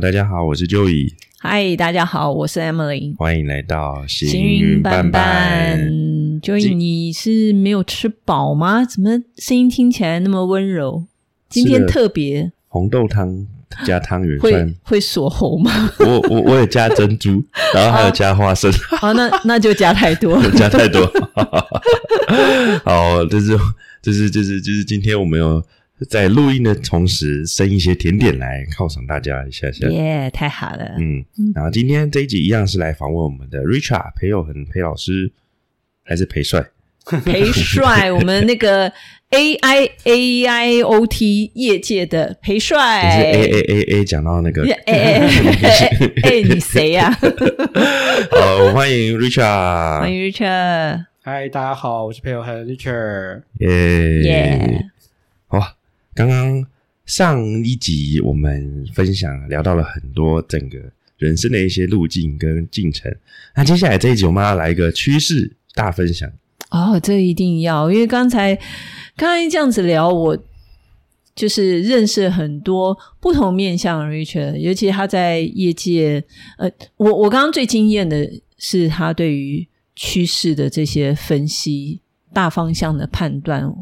大家好，我是 Joey。Hi，大家好，我是 Emily。歡迎來到行雲伴拌,伴拌。Joey，你是沒有吃飽嗎？怎麼聲音聽起來那麼溫柔？今天特別紅豆湯加湯圓，會會鎖喉嗎？ 我我我也加珍珠，然後還有加花生。好、啊 啊，那那就加太多， 加太多。 好，就是就是就是就是，就是就是、今天我們有。在錄音的同時，生一些甜點來犒賞大家一下一下，耶、yeah,，太好了，嗯。然後今天這一集一樣是來訪問我們的 Richard 裴有恆裴老師，還是裴帥？裴帥， 我們那個 AI AIoT 業界的裴帥，A A A A，講到那個，誒哎哎，你誰呀？好，歡迎 Richard，歡迎 Richard，嗨，Hi, 大家好，我是裴有恆 Richard，耶，好、yeah. yeah.。Oh. 剛剛上一集我們分享聊到了很多整個人生的一些路徑跟進程，那接下來這一集我們要來一個趨勢大分享。哦，這一定要，因為剛才剛才這樣子聊，我就是認識很多不同面向的 Richard，尤其他在業界，呃，我我剛剛最驚艷的是他對於趨勢的這些分析，大方向的判斷，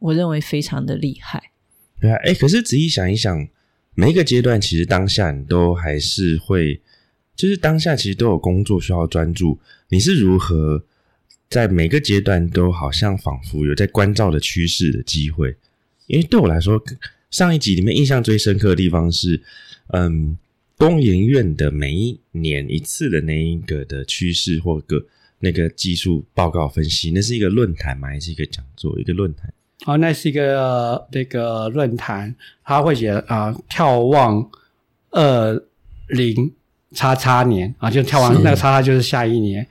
我認為非常的厲害。哎、欸，可是仔細想一想，每一個階段，其實當下你都還是會，就是當下其實都有工作需要專注。你是如何在每個階段都好像仿佛有在關照的趨勢的機會？因為對我來說，上一集裡面印象最深刻的地方是，嗯，工研院的每一年一次的那一個的趨勢或個那個技術報告分析，那是一個論壇嘛，還是一個講座？一個論壇。啊，那是一個那，呃這個論壇，他會寫啊，呃，眺望二零叉叉年啊，呃，就眺望那個叉叉就是下一年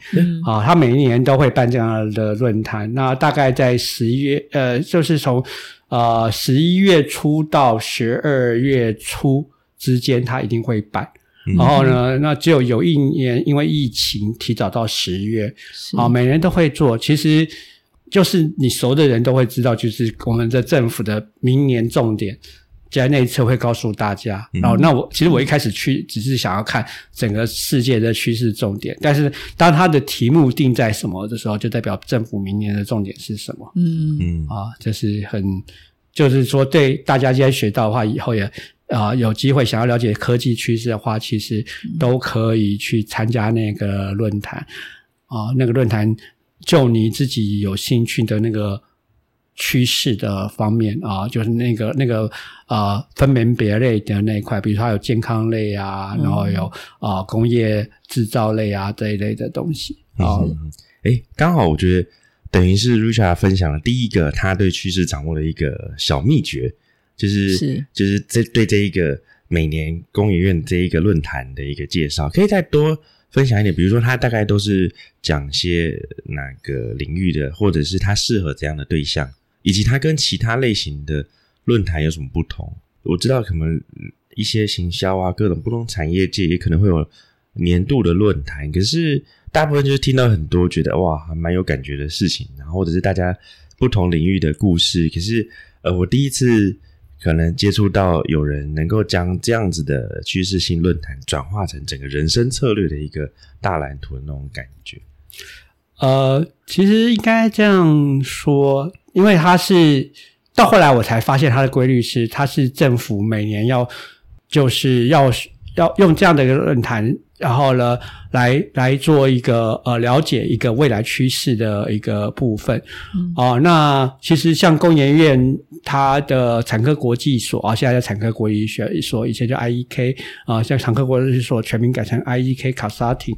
啊，呃。他每一年都會辦這樣的論壇，那大概在十一月，呃，就是從啊十一月初到十二月初之間，他一定會辦，嗯。然後呢，那只有有一年因為疫情提早到十月啊，呃，每年都會做，其實。就是你熟的人都會知道，就是我們的政府的明年重點，在那一次會告訴大家。然後，那我其實我一開始去只是想要看整個世界的趨勢重點，但是當它的題目定在什麼的時候，就代表政府明年的重點是什麼。嗯嗯啊，這是很，就是說對大家今天學到的話，以後也啊、呃、有機會想要了解科技趨勢的話，其實都可以去參加那個論壇啊，那個論壇。就你自己有興趣的那個趨勢的方面啊，就是那個那個呃，分門別類的那一塊，比如說他有健康類啊，然後有啊、呃、工業製造類啊這一類的東西啊。哎、嗯，嗯嗯，欸，剛好我覺得等於是 Richard 分享了第一個，他對趨勢掌握了一個小祕訣，就是，是就是這對這一個每年工研院這一個論壇的一個介紹，可以再多。分享一點，比如說他大概都是講些哪個領域的，或者是他適合怎樣的對象，以及他跟其他類型的論壇有什麼不同。我知道可能一些行銷啊，各種不同產業界也可能會有年度的論壇，可是大部分就是聽到很多覺得哇，還蠻有感覺的事情，然後或者是大家不同領域的故事。可是呃，我第一次。可能接觸到有人能夠將這樣子的趨勢性論壇轉化成整個人生策略的一個大藍圖的那種感覺。呃，其實應該這樣說，因為它是到後來我才發現它的規律是，它是政府每年要，就是要。要用這樣的一個論壇，然後呢，來來做一個呃了解一個未來趨勢的一個部分。啊、嗯呃，那其實像工研院它的產科國際所啊，現在叫產科國際學所，以前叫 IEK 啊、呃，像產科國際所全名改成 IEK 卡薩廷。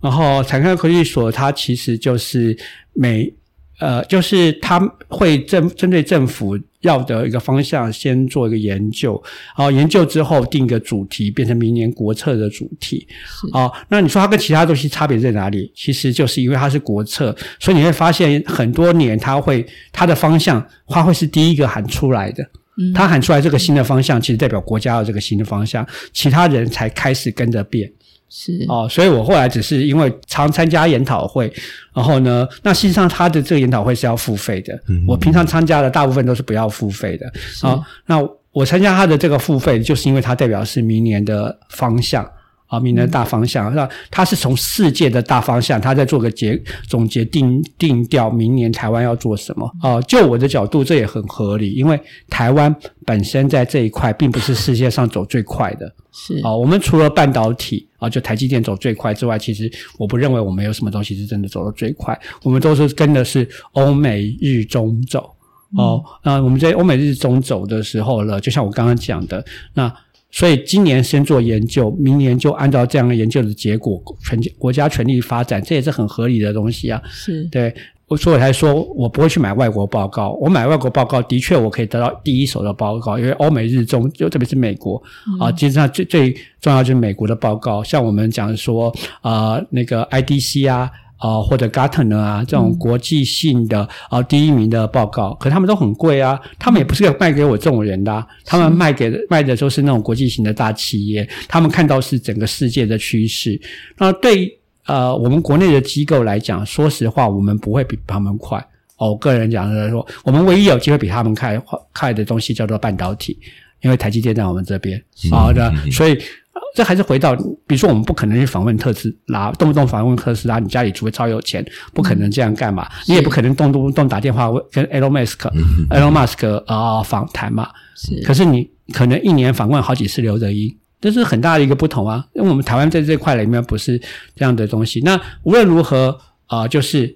然後產科國際所它其實就是每。呃，就是他會針針對政府要的一個方向，先做一個研究，然後研究之後定一個主題，變成明年國策的主題。好，哦，那你說它跟其他東西差別在哪裡？其實就是因為它是國策，所以你會發現很多年它會它的方向，它會是第一個喊出來的。嗯，它喊出來這個新的方向，其實代表國家的這個新的方向，其他人才開始跟着變。是哦，所以我後來只是因為常參加研討會，然後呢，那實際上他的這個研討會是要付費的，嗯嗯嗯嗯。我平常參加的大部分都是不要付費的。啊、哦，那我參加他的這個付費，就是因為他代表是明年的方向啊、哦，明年的大方向。嗯、那他是從世界的大方向，他在做個結總結定，定定調明年台灣要做什麼啊、哦。就我的角度，這也很合理，因為台灣本身在這一塊並不是世界上走最快的。是啊、哦，我們除了半導體。就台積電走最快之外，其實我不認為我們有什麼東西是真的走得最快，我們都是跟的是歐美日中走、嗯、哦。那我們在歐美日中走的時候呢，就像我剛剛講的，那所以今年先做研究，明年就按照這樣的研究的結果，全國家全力發展，這也是很合理的東西啊。是對。我所以來說，我不會去買外國報告。我買外國報告，的確我可以得到第一手的報告，因為歐美日中，就特別是美國、嗯、啊，其實上最最重要就是美國的報告。像我們講說啊、呃，那個 IDC 啊，啊、呃、或者 Gartner 啊這種國際性的、嗯、啊第一名的報告，可是他們都很貴啊，他們也不是賣給我這種人的、啊，他們賣給賣的都是那種國際型的大企業，他們看到是整個世界的趨勢。那對。呃，我們國內的機構來講，說實話，我們不會比他們快。哦，我個人講的說，我們唯一有機會比他們快快的東西叫做半導體，因為台積電在我們這邊好的、嗯。所以、呃、這還是回到，比如說我們不可能去訪問特斯拉，動不動訪問特斯拉，你家裡除非超有錢，不可能這樣幹嘛？嗯、你也不可能動不動打電話跟 Elon Musk，Elon Musk 啊訪談嘛是。可是你可能一年訪問好幾次劉德音。這是很大的一個不同啊，因為我們台灣在這塊裡面不是這樣的東西。那無論如何啊、呃，就是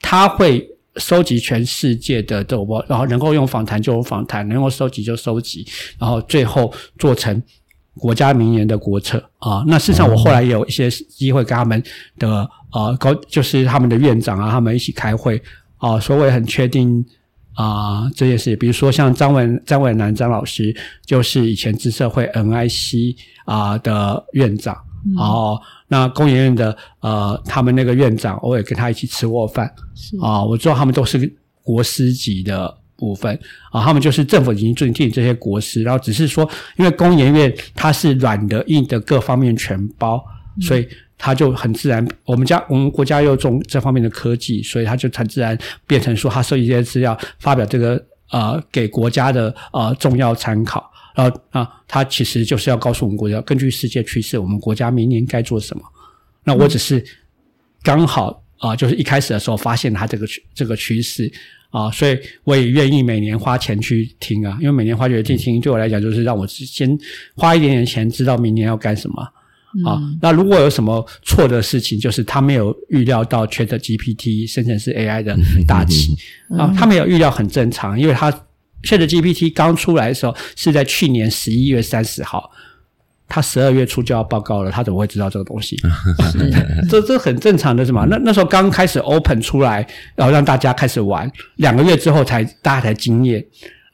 他會收集全世界的直播，然後能夠用訪談就用訪談，能夠收集就收集，然後最後做成國家名言的國策啊、呃。那事實上，我後來也有一些機會跟他們的啊高、呃，就是他們的院長啊，他們一起開會啊，所以、呃、我也很確定。啊、呃，這件事，比如說像張文、張文南、張老師，就是以前支社會 NIC 啊、呃、的院長，哦、嗯呃，那工研院的呃，他們那個院長偶爾跟他一起吃過飯，啊、呃，我知道他們都是國師級的部分啊、呃，他們就是政府已經認定這些國師，然後只是說，因為工研院它是軟的、硬的各方面全包，嗯、所以。他就很自然，我們家我們國家又重這方面的科技，所以他就很自然變成說，他收集這些資料，發表這個啊、呃，給國家的啊、呃、重要參考。然後啊、呃，他其實就是要告訴我們國家，根據世界趨勢，我們國家明年該做什麼。那我只是剛好啊、呃，就是一開始的時候發現他這個趨這個趨勢啊、呃，所以我也願意每年花錢去聽啊，因為每年花錢去聽，對我來講就是讓我先花一點點錢，知道明年要幹什麼。嗯、啊，那如果有什麼錯的事情，就是他沒有預料到 Chat GPT 生成式 AI 的打擊、嗯嗯、啊，他沒有預料很正常，因為他 Chat GPT 剛出來的時候是在去年十一月三十號，他十二月初就要報告了，他怎麼會知道這個東西？ 是 這這很正常的，是嗎？那那時候剛開始 Open 出來，然、啊、後讓大家開始玩，兩個月之後才大家才驚艷。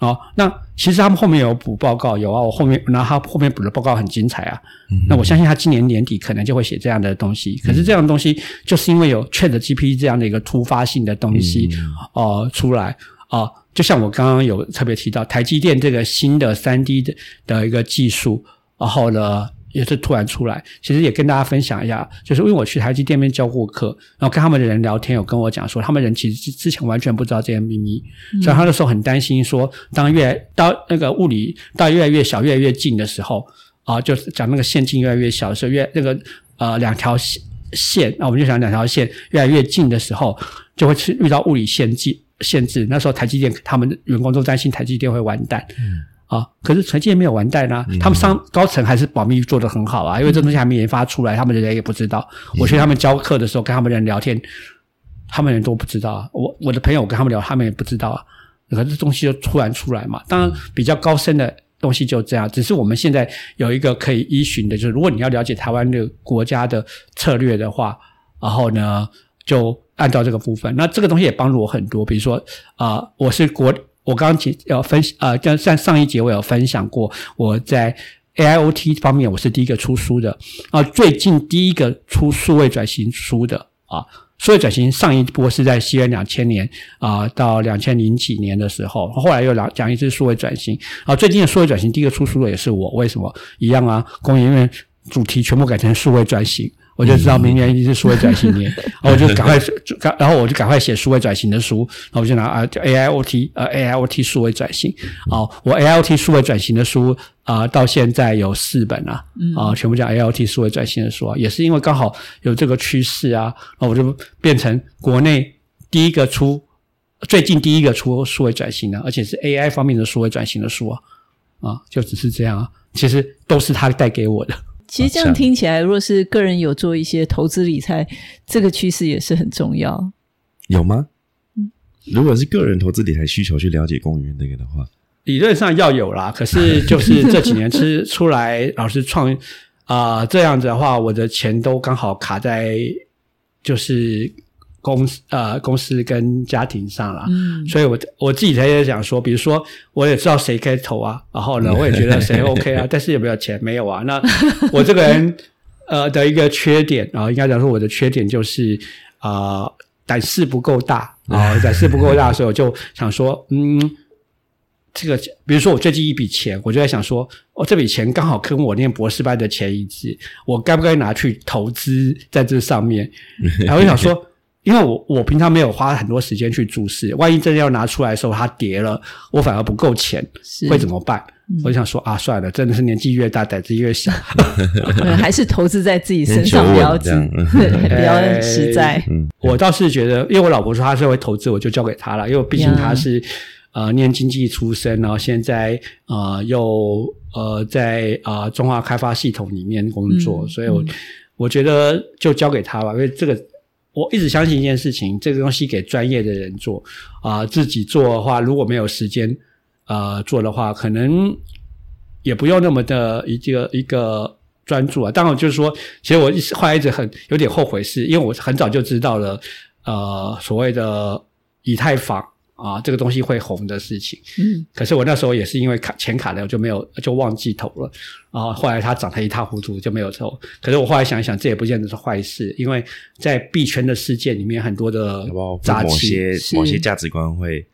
哦，那其實他們後面有補報告，有啊。我後面那他後面補的報告很精彩啊、嗯。那我相信他今年年底可能就會寫這樣的東西、嗯。可是這樣的東西，就是因為有 ChatGPT 這樣的一個突發性的東西哦、嗯呃、出來啊、呃，就像我剛剛有特別提到台積電這個新的三 D 的的一個技術，然後呢，也是突然出來，其實也跟大家分享一下，就是因為我去台積電面教過課，然後跟他們的人聊天，有跟我講說，他們人其實之前完全不知道這些秘密。嗯、所以他那時候很擔心說，說當越來到那個物理到越來越小、越來越近的時候，啊、呃，就講那個線徑越來越小的時候，越那個呃兩條線那、啊、我們就想兩條線越來越近的時候，就會去遇到物理限制限制。那時候台積電，他們的員工都擔心台積電會完蛋。嗯啊！可是成績也沒有完蛋呢、啊。他們上高層還是保密做得很好啊，嗯、因為這東西還沒研發出來，嗯、他們人也不知道。嗯、我去他們教課的時候，跟他們人聊天，他們人都不知道、啊。我我的朋友，跟他們聊，他們也不知道。啊。可是東西就突然出來嘛。當然比較高深的東西就這樣。嗯、只是我們現在有一個可以依循的，就是如果你要了解台灣的國家的策略的話，然後呢，就按照這個部分。那這個東西也幫助我很多。比如說啊、呃，我是國。我剛剛提要分呃，像上上一節我有分享過，我在 AIoT 方面我是第一個出書的啊、呃，最近第一個出數位轉型書的啊，數位轉型上一波是在西元兩千年啊到兩千零幾年的時候，後來又來講一次數位轉型啊，最近的數位轉型第一個出書的也是我，為什麼？一樣啊，工業園主題全部改成數位轉型。我就知道明年一定是數位轉型年。嗯嗯然， 然後我就趕快，然後我就趕快寫數位轉型的書，然後我就拿啊，AIOT 啊，AIOT 數位轉型，好，我 AIOT 數位轉型的書啊、呃，到現在有四本了、啊，啊、嗯呃，全部叫 AIOT 數位轉型的書、啊，也是因為剛好有這個趨勢啊，那我就變成國內第一個出，最近第一個出數位轉型的，而且是 AI 方面的數位轉型的書啊，啊，就只是這樣啊，其實都是他帶給我的。其實這樣聽起來，如果是個人有做一些投資理財，這個趨勢也是很重要。有嗎？嗯、如果是個人投資理財需求去了解公務員這個的話，理論上要有啦。可是就是這幾年出出來，老是創啊、 呃、這樣子的話，我的錢都剛好卡在就是。公司呃，公司跟家庭上了，嗯，所以我，我我自己在在想說，比如說，我也知道誰該投啊，然後呢，我也覺得誰 OK 啊， 但是有沒有錢？沒有啊。那我這個人 呃，的一個缺點啊，呃，應該講說我的缺點就是啊膽識不夠大啊，膽識不夠大，的，呃、時候 我就想說，嗯，這個比如說我最近一筆錢，我就在想說，哦，這筆錢剛好跟我念博士班的錢一致，我該不該拿去投資在這上面？然後我想說。 因為我我平常沒有花很多時間去注視，萬一真的要拿出來的時候它跌了，我反而不夠錢，會怎麼辦？嗯、我就想說啊，算了，真的是年紀越大膽子越小， 還是投資在自己身上比較真，你 比較實在、欸。我倒是覺得，因為我老婆說她是會投資，我就交給他了。因為畢竟他是、嗯、呃念經濟出身，然後現在呃又呃在呃中華開發系統裡面工作，嗯、所以我、嗯、我覺得就交給他吧，因為這個。我一直相信一件事情，這個東西給專業的人做啊、呃，自己做的話如果沒有時間，呃，做的話可能也不用那麼的一個一個專注啊。當然，就是說，其實我一直後來一直很有點後悔，是因為我很早就知道了，呃，所謂的以太坊。啊，這個東西會紅的事情，嗯，可是我那時候也是因為卡錢卡的，就沒有就忘記投了，然、啊、後後來它漲得一塌糊塗，就沒有投。可是我後來想一想，這也不見得是壞事，因為在幣圈的世界裡面，很多的雜有有某些某些價值觀會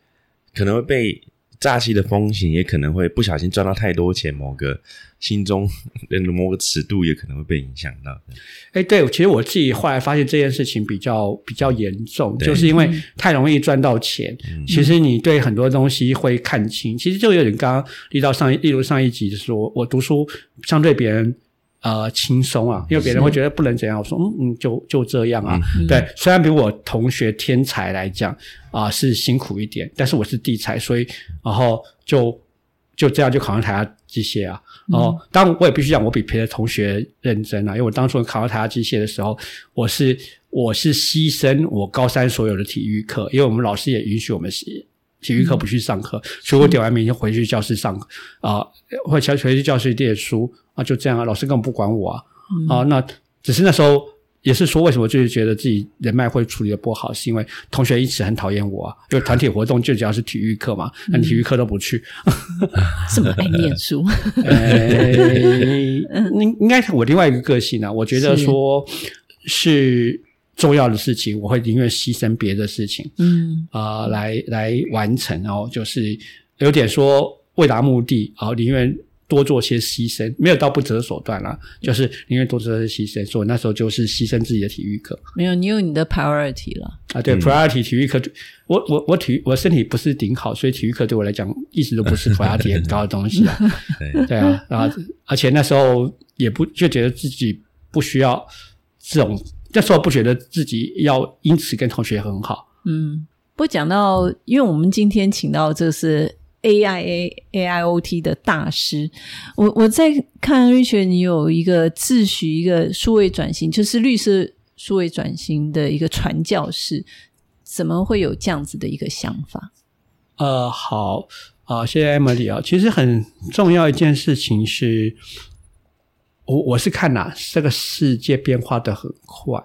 可能會被。詐欺的風險，也可能會不小心賺到太多錢，某個心中的某個尺度也可能會被影響到。哎、欸，對，其實我自己後來發現這件事情比較比較嚴重，就是因為太容易賺到錢、嗯，其實你對很多東西會看清，嗯、其實就有點剛剛遇，到上例如上一集的時候，我讀書相對別人，呃，輕鬆啊，因為別人會覺得不能怎樣。我說，嗯嗯，就就這樣啊嗯嗯。對，雖然比我同學天才來講啊、呃，是辛苦一點，但是我是地才，所以然後就就這樣就考上台大機械啊。然後、嗯、當然我也必須講，我比別的同學認真啊，因為我當初考上台大機械的時候，我是我是犧牲我高三所有的體育課，因為我們老師也允許我們是體育課不去上課，嗯，所以我點完名就回去教室上課啊、呃，或回回去教室念書。那就這樣啊，老師根本不管我啊啊、嗯呃！那只是那時候也是說，為什麼就是覺得自己人脈會處理的不好，是因為同學一直很討厭我啊。就團體活動就只要是體育課嘛，那、嗯、體育課都不去，什 麼愛念書。 欸、 嗯，應該是我另外一個個性啊，我覺得說，是重要的事情，我會寧願犧牲別的事情，嗯啊、呃，來來完成、哦。然後就是有點說為達目的，啊、呃，寧願。多做些犧牲，沒有到不擇手段啦、啊、就是因為多做些犧牲，所以我那時候就是犧牲自己的體育課。沒有，你有你的 priority 了啊，對、嗯、priority 體育課，我我我體育我身體不是頂好，所以體育課對我來講一直都不是 priority 很高的東西啊， 對，對啊，然、啊、後而且那時候也不就覺得自己不需要這種，那時候不覺得自己要因此跟同學很好，嗯，不講到，因為我們今天請到就是。A I A A I O T 的大師，我我在看 Richard，你有一個自詡一個數位轉型，就是綠色數位轉型的一個傳教士，怎麼會有這樣子的一個想法？呃，好，啊，謝謝 Emily 啊。其實很重要一件事情是，我我是看吶、啊，這個世界變化的很快，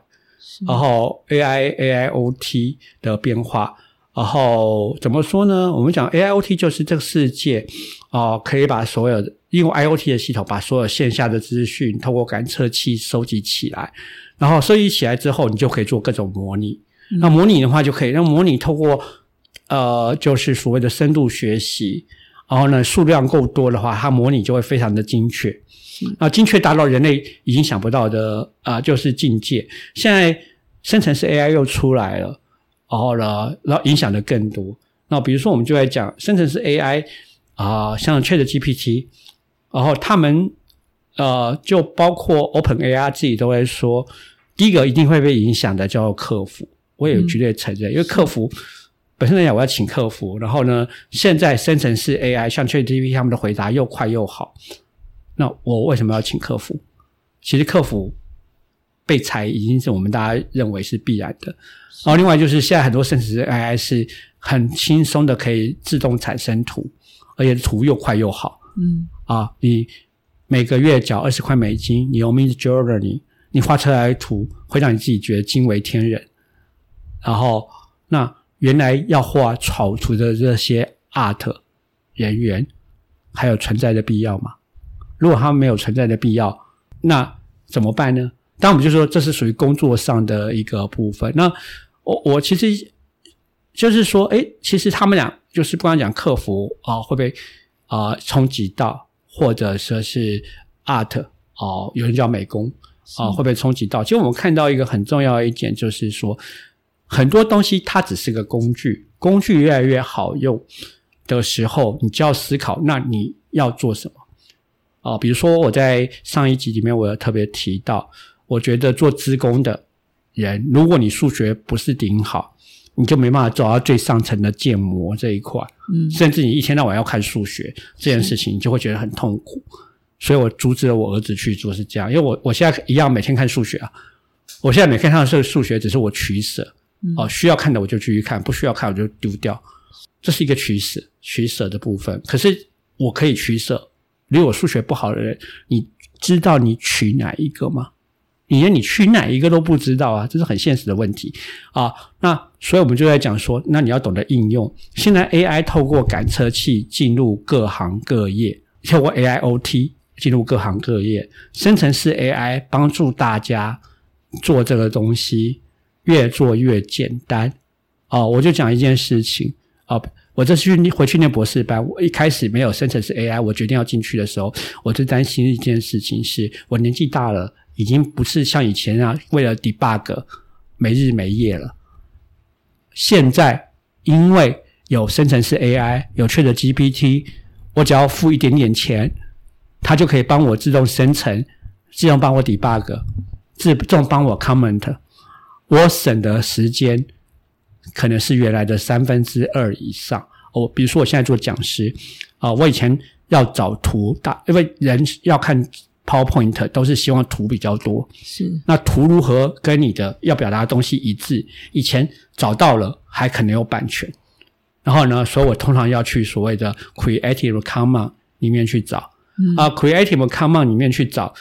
然後 A I A I O T 的變化。然後怎麼說呢？我們講 A I O T 就是這個世界啊、呃，可以把所有的用 I O T 的系統把所有線下的資訊透過感測器收集起來，然後收集起來之後，你就可以做各種模擬。嗯、那模擬的話，就可以那模擬透過呃，就是所謂的深度學習，然後呢，數量夠多的話，它模擬就會非常的精確。那、啊、精確達到人類已經想不到的啊、呃，就是境界。現在生成式 A I 又出來了。然後呢，然後影響的更多。那比如說，我們就在講生成式 AI 啊、呃，像 ChatGPT，然後他們呃，就包括 OpenAI 自己都會說，第一個一定會被影響的叫客服。我也有絕對承認，嗯、因為客服本身來講，我要請客服。然後呢，現在生成式 AI 像 ChatGPT 他們的回答又快又好，那我為什麼要請客服？其實客服。被裁已經是我們大家認為是必然的。然後，另外就是現在很多生成式 AI 是很輕鬆的可以自動產生圖，而且圖又快又好。嗯，啊，你每個月繳二十塊美金，你用 Midjourney，你畫出來圖會讓你自己覺得驚為天人。然後，那原來要畫草圖的這些 art 人員還有存在的必要嗎？如果他們沒有存在的必要，那怎麼辦呢？但我們就說，這是屬於工作上的一個部分。那我我其實就是說，哎，其實他們倆就是不管講客服啊、呃，會不會啊衝擊到，或者說是 art 啊、呃，有人叫美工啊、呃，會不會衝擊到？其實我們看到一個很重要的一點，就是說，很多東西它只是個工具，工具越來越好用的時候，你就要思考，那你要做什麼啊、呃？比如說我在上一集裡面，我有特別提到。我覺得做資工的人，如果你數學不是頂好，你就沒辦法走到最上層的建模這一塊。嗯，甚至你一天到晚要看數學這件事情，你就會覺得很痛苦。所以我阻止了我兒子去做，是這樣，因為我我現在一樣每天看數學啊。我現在每天看的是數學，只是我取捨、嗯，哦，需要看的我就繼續看，不需要看我就丟掉。這是一個取捨、取捨的部分。可是我可以取捨，如果數學不好的人，你知道你取哪一個嗎？你連你去哪一個都不知道啊，這是很現實的問題啊。那所以我們就在講說，那你要懂得應用。現在 AI 透過感測器進入各行各業，透過 AIoT 進入各行各業，生成式 AI 幫助大家做這個東西，越做越簡單啊。我就講一件事情啊，我這次回去念博士班，我一開始沒有生成式 AI，我決定要進去的時候，我就擔心一件事情是，是我年紀大了。已經不是像以前啊，為了 debug 沒日沒夜了。現在因為有生成式 AI，有 ChatGPT，我只要付一點點錢，它就可以幫我自動生成，自動幫我 debug，自動幫我 comment，我省的時間可能是原來的三分之二以上。哦，比如說我現在做講師啊，哦，我以前要找圖，因為人要看。PowerPoint 都是希望圖比較多，是那圖如何跟你的要表達的東西一致？以前找到了還可能有版權，然後呢，所以我通常要去所謂的 Creative Common 裡面去找、嗯、啊，Creative Common 裡面去找，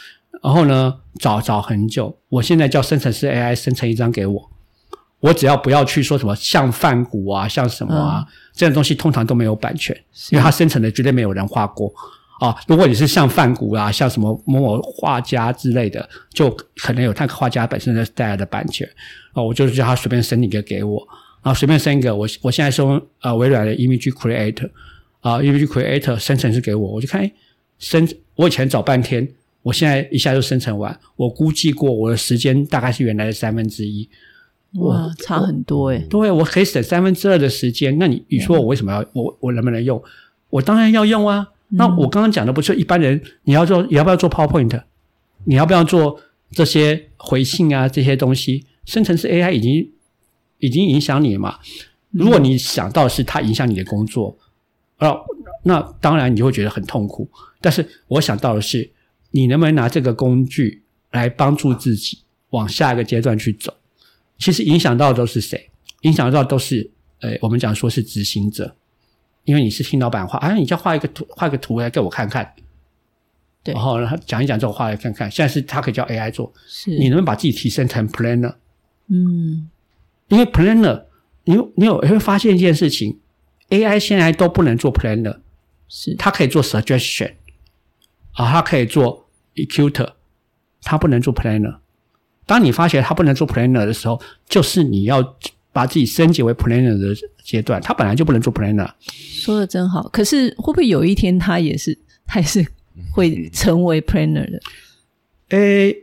然後呢，找找很久。我現在叫生成式 AI 生成一張給我，我只要不要去說什麼像梵谷啊，像什麼啊，嗯、這樣東西通常都沒有版權，是，因為它生成的絕對沒有人畫過。啊，如果你是像梵谷啊，像什麼某某畫家之類的，就可能有他畫家本身帶來的版權啊。我就是叫他隨便生一個給我啊，隨便生一個，我我現在用啊、呃、微軟的 Image Creator 啊，Image Creator 生成是給我，我就看、欸、生。我以前找半天，我現在一下就生成完。我估計過我的時間大概是原來的三分之一，哇，差很多誒、欸。對，我可以省三分之二的時間。那你你說我為什麼要、嗯、我我能不能用？我當然要用啊。那我剛剛講的不是一般人，你要做，你要不要做 PowerPoint？你要不要做這些回信啊？這些東西，生成式 AI 已經已經影響你了嘛？如果你想到的是它影響你的工作，啊，那當然你就會覺得很痛苦。但是我想到的是，你能不能拿這個工具來幫助自己往下一個階段去走？其實影響到的都是誰？影響到的都是，哎，我們講說是執行者。因為你是聽老闆的話，話、哎、啊，你叫畫一個圖，畫一個圖來給我看看。對，然後他講一講之後畫來看看。現在是他可以叫 AI 做，是你能不能把自己提升成 planner？嗯，因為 planner，你，你有你有會發現一件事情，AI 現在都不能做 planner，是，它可以做 suggestion 啊，它可以做 executor，它不能做 planner。當你發現它不能做 planner 的時候，就是你要把自己升級為 planner 的階段。它本來就不能做 planner。說得真好，可是會不會有一天他也是還是會成為 planner 的？誒、嗯欸，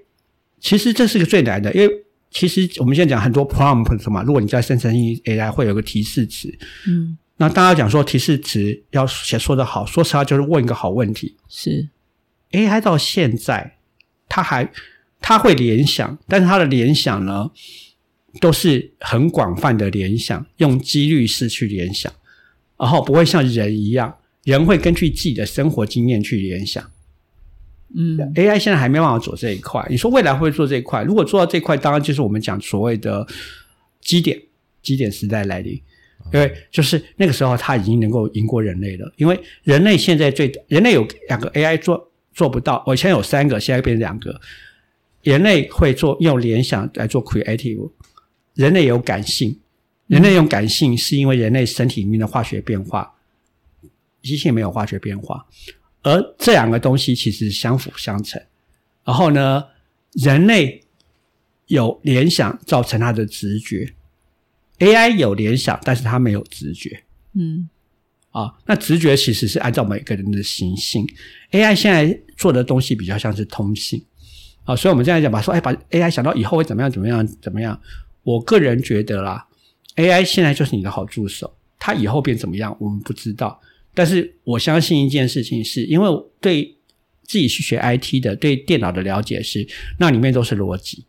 其實這是個最難的，因為其實我們現在講很多 prompt 什麼，如果你在生成 AI、欸、會有個提示詞，嗯，那大家講說提示詞要寫說得好，說實話就是問一個好問題。是 AI、欸、到現在，他還他會聯想，但是他的聯想呢都是很廣泛的聯想，用幾率式去聯想。然後不會像人一樣，人會根據自己的生活經驗去聯想。嗯，AI 現在還沒辦法走這一塊。你說未來會做這一塊？如果做到這一塊，當然就是我們講所謂的奇點，奇點時代來臨，嗯。因為就是那個時候，他已經能夠贏過人類了。因為人類現在最人類有兩個 AI 做做不到，我以前有三個，現在變成兩個。人類會做用聯想來做 creative，人類有感性。人類用感性是因為人類身體裡面的化學變化，機器沒有化學變化，而這兩個東西其實相輔相成。然後呢，人類有聯想造成他的直覺，AI 有聯想，但是它沒有直覺。嗯，啊，那直覺其實是按照每個人的行性。AI 現在做的東西比較像是通信，啊，所以我們這樣講吧，說哎、欸，把 AI 想到以後會怎麼樣，怎麼樣，怎麼樣？我個人覺得啦。AI 現在就是你的好助手，它以後變怎麼樣，我們不知道。但是我相信一件事情是，是因為對自己去學 IT 的，對電腦的了解是，那裡面都是邏輯。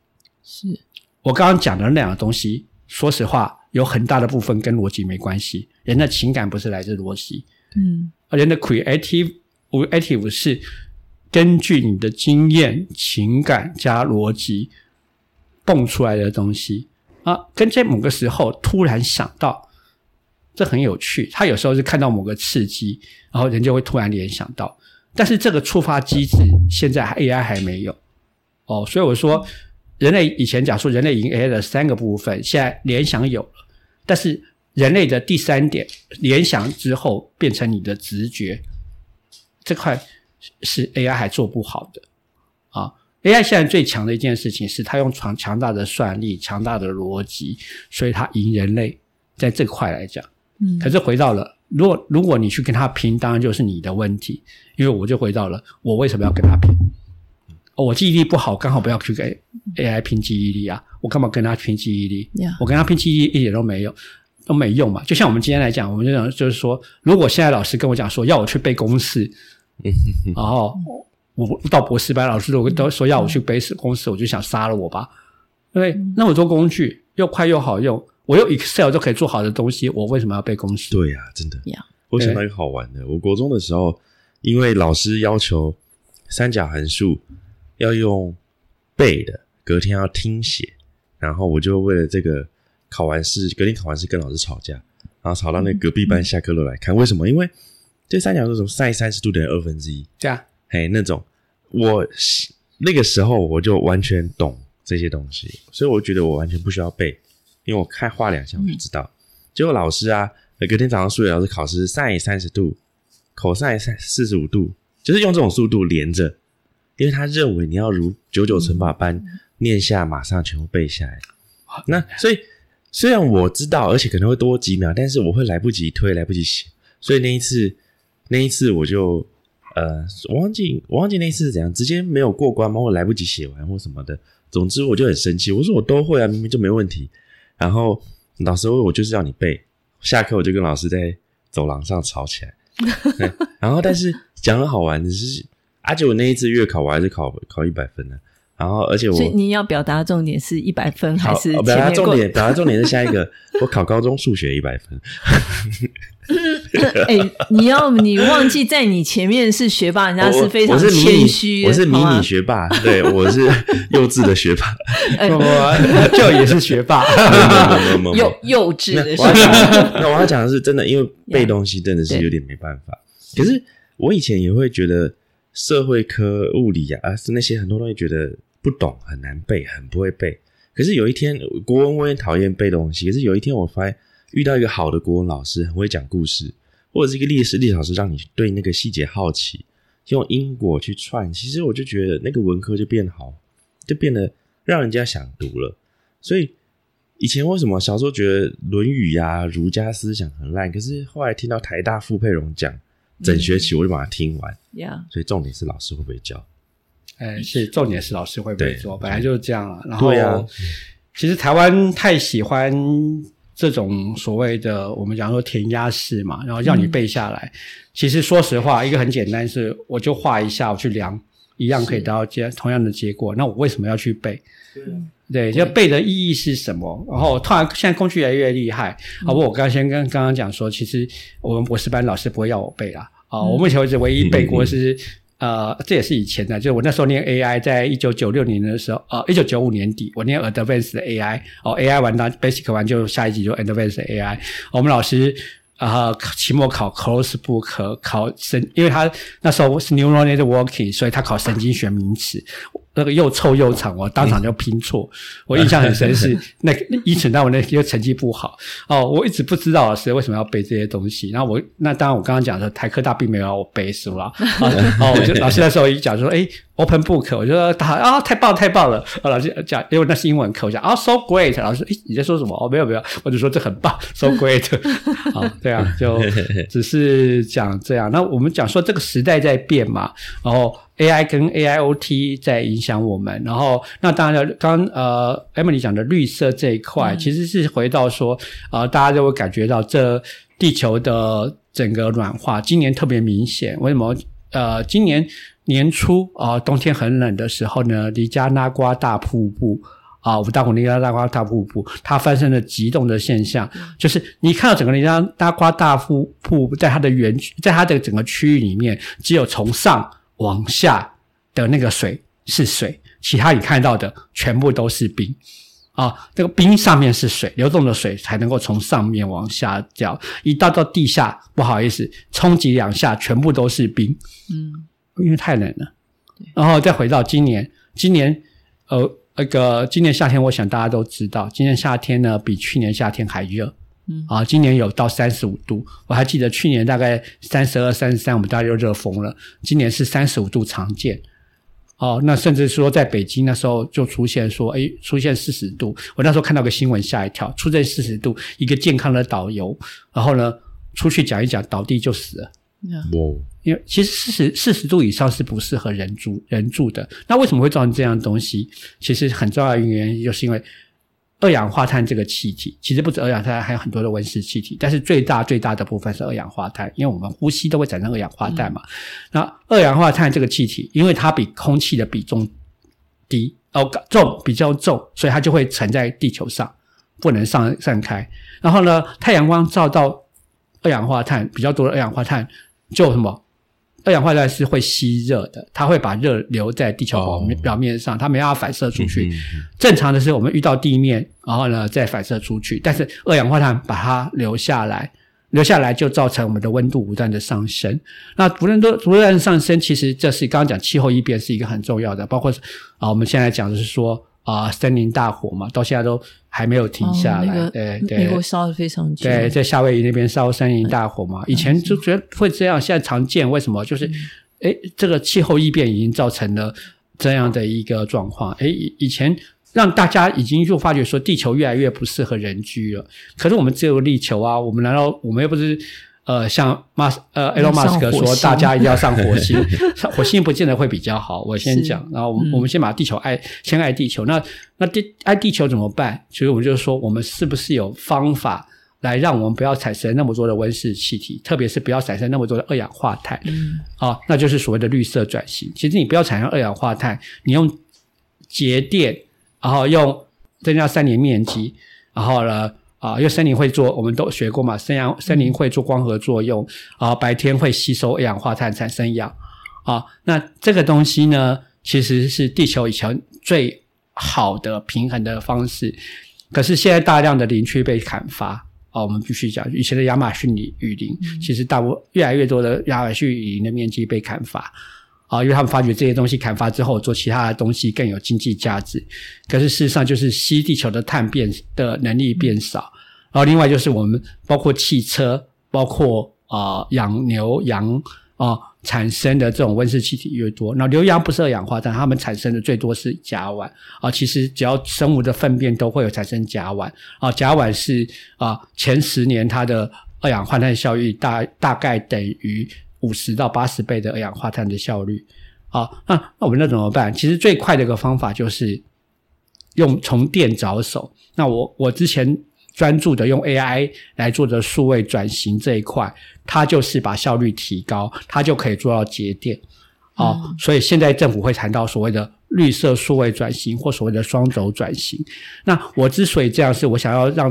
是。我剛剛講的那兩個東西，說實話有很大的部分跟邏輯沒關係。人的情感不是來自邏輯，嗯，而人的 creative creative 是根據你的經驗、情感加邏輯蹦出來的東西。啊，跟這，某個時候突然想到，這很有趣。他有時候是看到某個刺激，然後人就會突然聯想到。但是這個觸發機制現在 AI 還沒有哦，所以我說人類以前講說人類贏 AI 的三個部分，現在聯想有了，但是人類的第三點聯想之後變成你的直覺這塊是 AI 還做不好的。A I 現在最強的一件事情是它用強大的算力，強大的邏輯，所以它贏人類在這塊來講。嗯，可是回到了，如果如果你去跟它拼，當然就是你的問題，因為我就回到了，我為什麼要跟他拼？哦，我記憶力不好，剛好不要去給 A I 拼記憶力啊！我干嘛跟他拼記憶力？Yeah. 我跟他拼記憶一點都沒用，都沒用嘛！就像我們今天來講，我們就講就是說，如果現在老師跟我講說要我去背公式， 然後。我到博士班，老師都會都說要我去背公式，我就想殺了我吧，因、okay？為那我做工具又快又好用，我用 Excel 就可以做好的東西，我為什麼要背公式？對呀、啊，真的。Yeah. 我想到一個好玩的，我國中的時候，okay. 因為老師要求三角函數要用背的，隔天要聽寫，然後我就為了這個考完試，隔天考完試跟老師吵架，然後吵到那個隔壁班下課了來看，yeah. 為什麼？因為這三角是什麼，sin 三十度等於二分之一，這樣。誒，那種，我那個時候我就完全懂這些東西，所以我覺得我完全不需要背，因為我看畫兩下我就知道、嗯。結果老師啊，隔天早上數學老師考試，sin 三十度，cos 三四十五度，就是用這種速度連着，因為他認為你要如九九乘法班念下，馬上全部背下來。那所以雖然我知道，而且可能會多幾秒，但是我會來不及推，來不及寫。所以那一次，那一次我就。呃，我忘記，我忘記那一次是怎樣，直接沒有過關嗎？我來不及寫完或什麼的，總之我就很生氣，我說我都會啊，明明就沒問題。然後老師問我就是要你背，下課我就跟老師在走廊上吵起來。然後但是講得好玩的是，而且我那一次月考我還是考考一百分呢，啊。然後，而且我，所以你要表達重點是一百分還是？表達重點，表達重點是下一個， 我考高中數學一百分 、嗯嗯欸。你要你忘記在你前面是學霸，人家是非常謙虛，我是迷你學霸，對，我是幼稚的學霸， 欸、就也是學霸，欸 嗯嗯嗯嗯嗯嗯、幼幼稚的學霸。那我要講的是真的， 因為背東西真的是有點沒辦法。可是我以前也會覺得。社會科、物理啊，而、啊、是那些很多東西覺得不懂、很難背、很不會背。可是有一天，國文我也討厭背東西。可是有一天，我發現遇到一個好的國文老師，很會講故事，或者是一個歷史、歷史老師，讓你對那個細節好奇，用因果去串。其實我就覺得那個文科就變好，就變得讓人家想讀了。所以以前為什麼小時候覺得《論語、啊》呀、儒家思想很爛？可是後來聽到台大傅佩榮講。整學期我就把它聽完，mm -hmm. yeah. 所以重點是老師會不會教。哎、嗯，是重點是老師會不會做，本來就是這樣啊，然後，其實台灣太喜歡這種所謂的我們講說填鴨式嘛，然後要你背下來、嗯。其實說實話，一個很簡單是，我就畫一下，我去量，一樣可以得到同樣的結果。那我為什麼要去背？對，對，對，就背的意義是什麼？然後突然現在工具越來越厲害，好、嗯啊、不？我剛先跟剛剛講說，其實我們博士班老師不會要我背啦。啊、嗯哦，我目前為止唯一背過是、嗯嗯嗯，呃，這也是以前的，就是我那時候念 AI，在一九九六年的時候，啊、呃，一九九五年底，我念 Advanced AI，哦，AI 完到 Basic 完就下一集就 Advanced AI、哦。我們老師啊、呃，期末考 Close Book 考神，因為他那時候是 Neural Networking，所以，他考神經學名詞。嗯那個又臭又長，我當場就拼錯、嗯。我印象很深是那， 那一愚蠢，但我那些成績不好哦。我一直不知道老師為什麼要背這些東西。然後我那當然我剛剛講的台科大並沒有讓我背書，是 我、啊哦、就老師那時候一講說，誒、欸、open book，我就說大啊，太棒太棒了。哦，老師講，因為那是英文課，我講啊，so great。老師，誒、欸、你在說什麼？哦，沒有沒有，我就說這很棒，so great。好、 哦，這樣、啊、就只是講這樣。那我們講說這個時代在變嘛，然後。AI 跟 AIoT 在影響我們，然後那當然剛，剛呃，Emily 講的綠色這一塊，嗯、其實是回到說呃大家就會感覺到這地球的整個暖化，今年特別明顯。為什麼？呃，今年年初啊、呃，冬天很冷的時候呢，尼加拉瓜大瀑布啊，五大湖尼加拉瓜大瀑布，它發生了急凍的現象、嗯，就是你看到整個尼加拉瓜大瀑布，在它的園，在它的整個區域裡面，只有從上往下的那個水是水，其他你看到的全部都是冰，啊，那個冰上面是水，流動的水才能夠從上面往下掉，一到到地下，不好意思，衝擊兩下，全部都是冰，嗯，因為太冷了。然後再回到今年，今年呃，那個今年夏天，我想大家都知道，今年夏天呢比去年夏天還熱。啊、嗯，今年有到三十五度，我還記得去年大概三十二、三十三，我們大家又熱瘋了。今年是三十五度常見，哦，那甚至說在北京那時候就出現說，哎、欸，出現四十度。我那時候看到個新聞，嚇一跳，出在四十度，一個健康的導遊，然後呢出去講一講，倒地就死了。嗯、哇！因為其實四十四十度以上是不適合人住人住的。那為什麼會造成這樣的東西？其實很重要的原因就是因為。二氧化碳這個氣體其實不止二氧化碳，還有很多的溫室氣體，但是最大最大的部分是二氧化碳，因為我們呼吸都會產生二氧化碳嘛、嗯。那二氧化碳這個氣體，因為它比空氣的比重低哦，重比較重，所以它就會沉在地球上，不能散散開。然後呢，太陽光照到二氧化碳比較多的二氧化碳，就什麼？二氧化碳是會吸熱的，它會把熱留在地球表面上，哦、它沒辦法反射出去，嗯嗯嗯。正常的是我們遇到地面，然後呢再反射出去。但是二氧化碳把它留下來，留下來就造成我們的溫度不斷的上升。那不斷都不斷的上升，其實這是剛剛講氣候異變是一個很重要的，包括啊、哦，我們現在講的是說。啊、呃，森林大火嘛，到現在都還沒有停下來。對、哦那個、對，對美國燒得非常。在在夏威夷那邊燒森林大火嘛，嗯、以前就覺得會這樣，現在常見。為什麼？就是，嗯、誒這個氣候異變已經造成了這樣的一個狀況。哎，以前讓大家已經就發覺說，地球越來越不適合人居了。可是我們只有地球啊，我們難道我們又不是？呃，像馬呃，Elon Musk 說，大家一定要上火星， 火星不見得會比較好。我先講，然後我們、嗯、我們先把地球愛，先愛地球。那那地愛地球怎麼辦？所以我們就說，我們是不是有方法來讓我們不要產生那麼多的溫室氣體，特別是不要產生那麼多的二氧化碳？好、嗯啊，那就是所謂的綠色轉型。其實你不要產生二氧化碳，你用節電，然後用增加森林面積，然後呢？呃啊，因為森林會做，我們都學過嘛，森林森林會做光合作用啊，白天會吸收二氧化碳產生氧啊。那這個東西呢，其實是地球以前最好的平衡的方式。可是現在大量的林區被砍伐啊，我們必須講，以前的亞馬遜雨林，嗯，其實大部越來越多的亞馬遜雨林的面積被砍伐。啊，因為他們發覺這些東西砍伐之後做其他的東西更有經濟價值，可是事實上就是吸地球的碳變的能力變少，嗯。然後另外就是我們包括汽車，包括啊養、呃、牛羊啊、呃、產生的這種溫室氣體越多。那牛羊不是二氧化碳，它們產生的最多是甲烷啊，呃。其實只要生物的糞便都會有產生甲烷啊，呃。甲烷是啊，呃，前十年它的二氧化碳效益大大概等於。五十到八十倍的二氧化碳的效率，好，那那我們那怎麼辦？其實最快的一個方法就是用從電着手。那我我之前專注的用 AI 來做的數位轉型這一塊，它就是把效率提高，它就可以做到節電。啊、嗯哦，所以現在政府會談到所謂的綠色數位轉型或所謂的雙軸轉型。那我之所以這樣，是我想要讓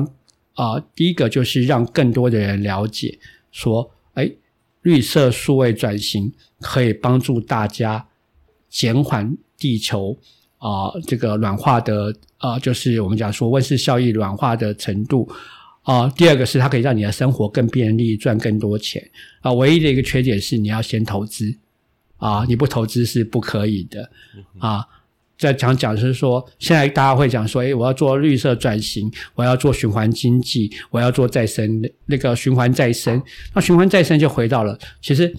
啊、呃，第一個就是讓更多的人了解說。綠色數位轉型可以幫助大家減緩地球啊、呃，這個暖化的啊、呃，就是我們講說溫室效應暖化的程度啊、呃。第二個是它可以讓你的生活更便利，賺更多錢啊、呃。唯一的一個缺點是你要先投資啊、呃，你不投資是不可以的啊。呃嗯在講講就是說，現在大家會講說，誒、欸、我要做綠色轉型，我要做循環經濟，我要做再生那個循環再生。那循環再生就回到了，其實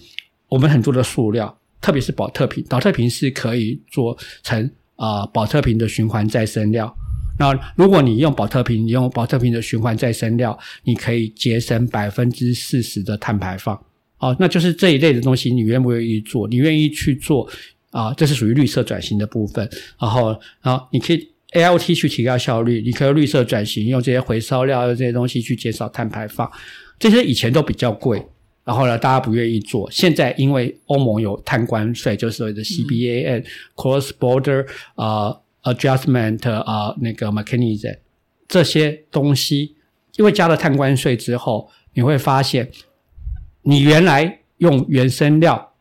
我們很多的塑料，特別是保特瓶，保特瓶是可以做成啊呃、保特瓶的循環再生料。那如果你用保特瓶，你用保特瓶的循環再生料，你可以節省百分之四十的碳排放。哦，那就是這一類的東西，你願不願意做？你願意去做？啊，這是屬於綠色轉型的部分。然後啊，你可以 AIoT 去提高效率，你可以綠色轉型，用這些回收料，用這些東西去減少碳排放。這些以前都比較貴，然後呢，大家不願意做。現在因為歐盟有碳關稅，就是所謂的 CBAM、嗯、cross border 啊、呃、adjustment 啊、呃、那個 mechanism 這些東西，因為加了碳關稅之後，你會發現，你原來用原生料，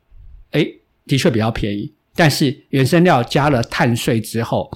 哎，的確比較便宜。但是原生料加了碳稅之後，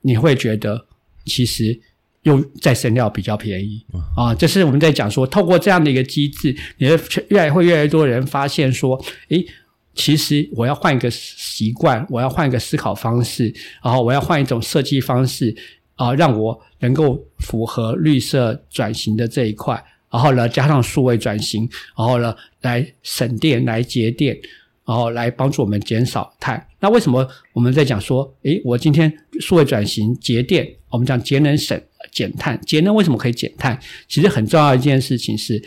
你會覺得其實用再生料比較便宜啊。這，就是我們在講說，透過這樣的一個機制，你會越來會越來越多人發現說，誒、欸，其實我要換一個習慣，我要換一個思考方式，然後我要換一種設計方式啊，讓我能夠符合綠色轉型的這一塊，然後呢，加上數位轉型，然後呢來省電、來節電。然後來幫助我們減少碳。那為什麼我們在講說，誒，我今天數位轉型節電，我們講節能省減碳？節能為什麼可以減碳？其實很重要一件事情是，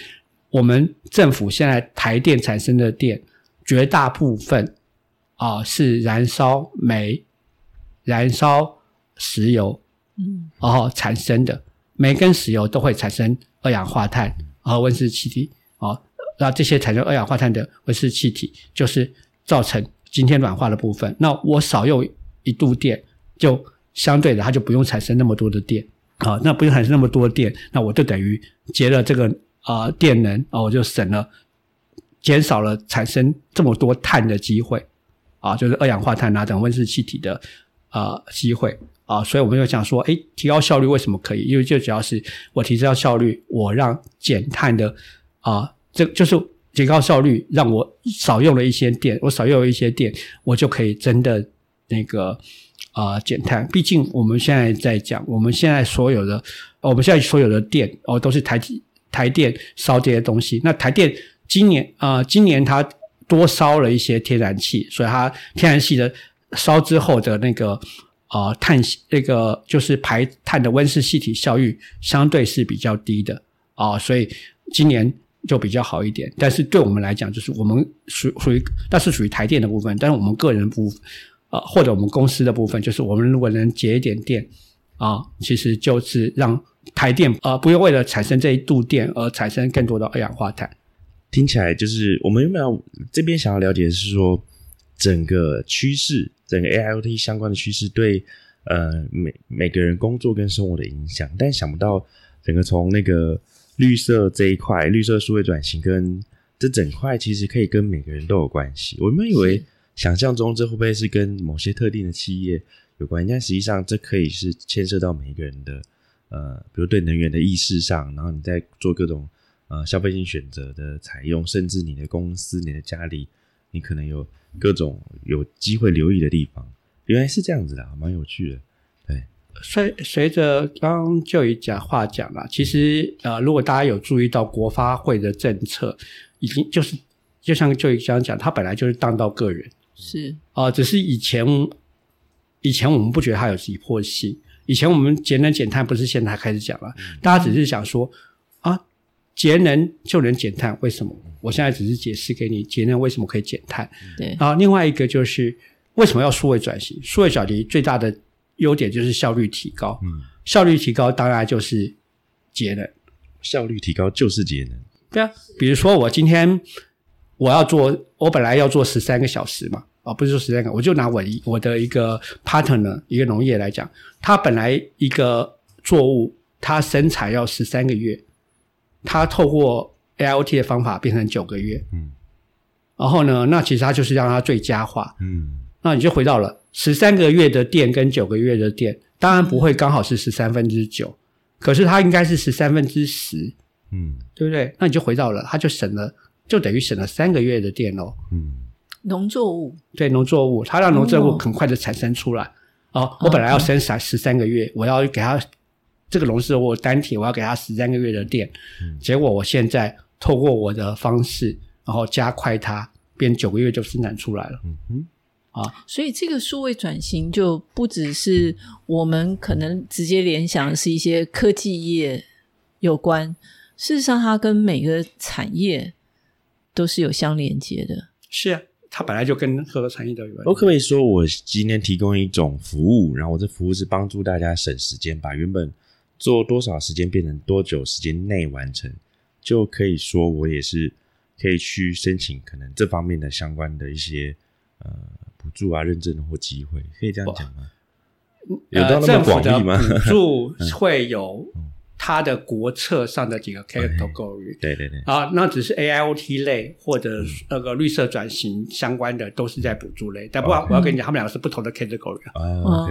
我們政府現在台電產生的電，絕大部分啊，呃，是燃燒煤、燃燒石油，嗯，呃，然後產生的煤跟石油都會產生二氧化碳，然後，呃，溫室氣體。那這些產生二氧化碳的溫室氣體，就是造成今天暖化的部分。那我少用一度電，就相對的，它就不用產生那麼多的電啊、呃。那不用產生那麼多的電，那我就等於節了這個啊、呃、電能、呃、我就省了，減少了產生這麼多碳的機會啊、呃，就是二氧化碳那、啊、等溫室氣體的啊機、呃、會啊、呃。所以我們就想說，誒、欸、提高效率為什麼可以？因為就主要是我提高效率，我讓減碳的啊。呃這就是提高效率，讓我少用了一些電。我少用了一些電，我就可以真的那個啊、呃，減碳。畢竟我們現在在講，我們現在所有的，我們現在所有的電哦、呃，都是台台電燒這些東西。那台電今年啊、呃，今年它多燒了一些天然氣，所以它天然氣的燒之後的那個啊、呃，碳那個就是排碳的溫室氣體效率相對是比較低的啊、呃，所以今年。就比較好一點，但是對我們來講，就是我們屬屬於，那是屬於台電的部分，但是我們個人部分，啊、呃，或者我們公司的部分，就是我們如果能節一點電啊、呃，其實就是讓台電啊、呃、不用為，為了產生這一度電而產生更多的二氧化碳。聽起來就是我們有沒有這邊想要了解的是說整個趨勢，整個 AIoT 相關的趨勢對呃每每個人工作跟生活的影響，但想不到整個從那個。綠色這一塊，綠色數位轉型跟這整塊其實可以跟每個人都有關係。我們以為想象中這會不會是跟某些特定的企業有關？但實際上這可以是牽涉到每一個人的，呃，比如對能源的意識上，然後你在做各種呃消費性選擇的採用，甚至你的公司、你的家裡，你可能有各種有機會留意的地方。原來是這樣子的，蠻有趣的。隨隨着剛剛就以講話講啦，其實呃，如果大家有注意到國發會的政策，已經就是就像就以這樣講，它本來就是當到個人是啊，呃，只是以前以前我們不覺得它有急迫性，以前我們節能減碳不是現在開始講啦，大家只是想說啊，節能就能減碳，為什麼？我現在只是解釋給你節能為什麼可以減碳，對，然後另外一個就是為什麼要數位轉型？數位轉型最大的。優點就是效率提高、嗯，效率提高當然就是節能。效率提高就是節能。對啊，比如說我今天我要做，我本來要做十三個小時嘛，啊、哦，不是說十三個，我就拿我一我的一個 partner 一個農業來講，它本來一個作物它生產要十三個月，它透過 A I O T 的方法變成九個月，嗯，然後呢，那其實它就是讓它最佳化，嗯。那你就回到了十三個月的電跟九個月的電，當然不會剛好是十三分之九，可是它應該是十三分之十，嗯，對不對？那你就回到了，它就省了，就等於省了三個月的電嘍、哦。嗯，農作物對農作物，它讓農作物很快的產生出來。農農哦，我本來要生產十三個月、嗯，我要給它、嗯、這個農事我單體，我要給它十三個月的電、嗯，結果我現在透過我的方式，然後加快它，變九個月就生產出來了。嗯嗯。所以這個數位轉型就不只是我們可能直接聯想的是一些科技業有關，事實上它跟每個產業都是有相連接的。是啊，它本來就跟任何產業都有關。我可以說，我今天提供一種服務，然後我這服務是幫助大家省時間，把原本做多少時間變成多久時間內完成，就可以說，我也是可以去申請可能這方面的相關的一些呃。補助啊，認證或機會，可以這樣講嗎？呃、有到那麼廣義嗎？政府的補助會有它的國策上的幾個 category， 嗯嗯嗯、對對對。啊，那只是 AIoT 類或者那個、嗯呃、綠色轉型相關的都是在補助類，嗯、但不然、嗯，我要跟你講，他們兩個是不同的 category、嗯啊。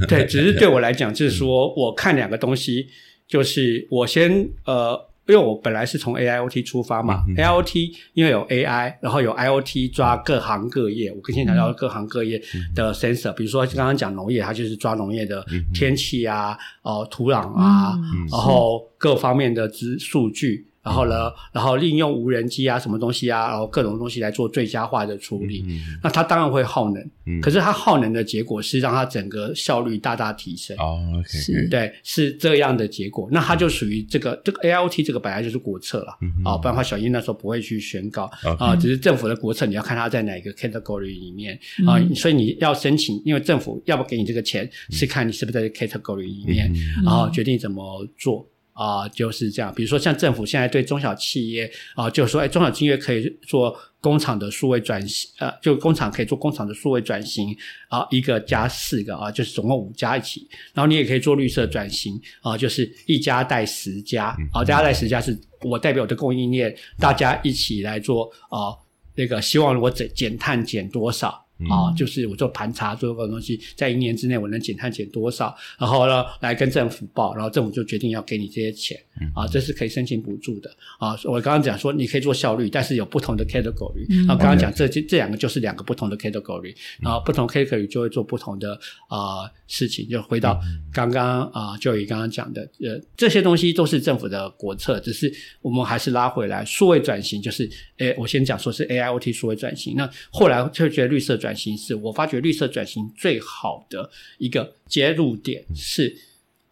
OK，對、嗯，只是對我來講，就是說、嗯，我看兩個東西，就是我先呃。因為我本來是從 AIoT 出發嘛，AIoT、嗯、a 因為有 AI，、嗯、然後有 IoT 抓各行各業，嗯、我跟你先講到各行各業的 sensor，、嗯嗯、比如說剛剛講農業，它就是抓農業的天氣啊、嗯、呃，土壤啊、嗯，然後各方面的資數據。嗯、然後呢，然後利用無人機啊，什麼東西啊？然後各種東西來做最佳化的處理。嗯嗯、那它當然會耗能、嗯，可是它耗能的結果是讓它整個效率大大提升。哦，okay, okay, 對，是這樣的結果。嗯、那它就屬於這個、嗯、這個 AIoT 這個本來就是國策了。好、嗯哦、不然話，小英那時候不會去宣告、嗯、啊，okay, 只是政府的國策。你要看它在哪一個 category 裡面、嗯、啊，所以你要申請，因為政府要不給你這個錢，嗯、是看你是不是在 category 裡面，嗯、然後決定怎麼做。啊、呃，就是這樣。比如說，像政府現在對中小企業啊、呃，就說，哎，中小企業可以做工廠的數位轉型，呃，就工廠可以做工廠的數位轉型。啊、呃，一個加四個啊、呃，就是總共五家一起。然後你也可以做綠色轉型，啊、呃，就是一家帶十家。啊、呃，家帶十家是，我代表我的供應鏈，大家一起來做啊、呃，那個希望我減減碳減多少。嗯、啊，就是我做盤查做各種東西，在一年之內我能減碳減多少，然後呢來跟政府報，然後政府就決定要給你這些錢、嗯、啊，這是可以申請補助的啊。我剛剛講說你可以做效率，但是有不同的 category、嗯。那剛剛講這、嗯、這兩個就是兩個不同的 category，、嗯、然後不同 category 就會做不同的啊、呃、事情。就回到剛剛啊，就以剛剛講的呃，這些東西都是政府的國策，只是我們還是拉回來數位轉型，就是、欸、我先講說是 AIOT 數位轉型，那後來就覺得綠色轉。轉型是，我發覺綠色轉型最好的一個接入點是，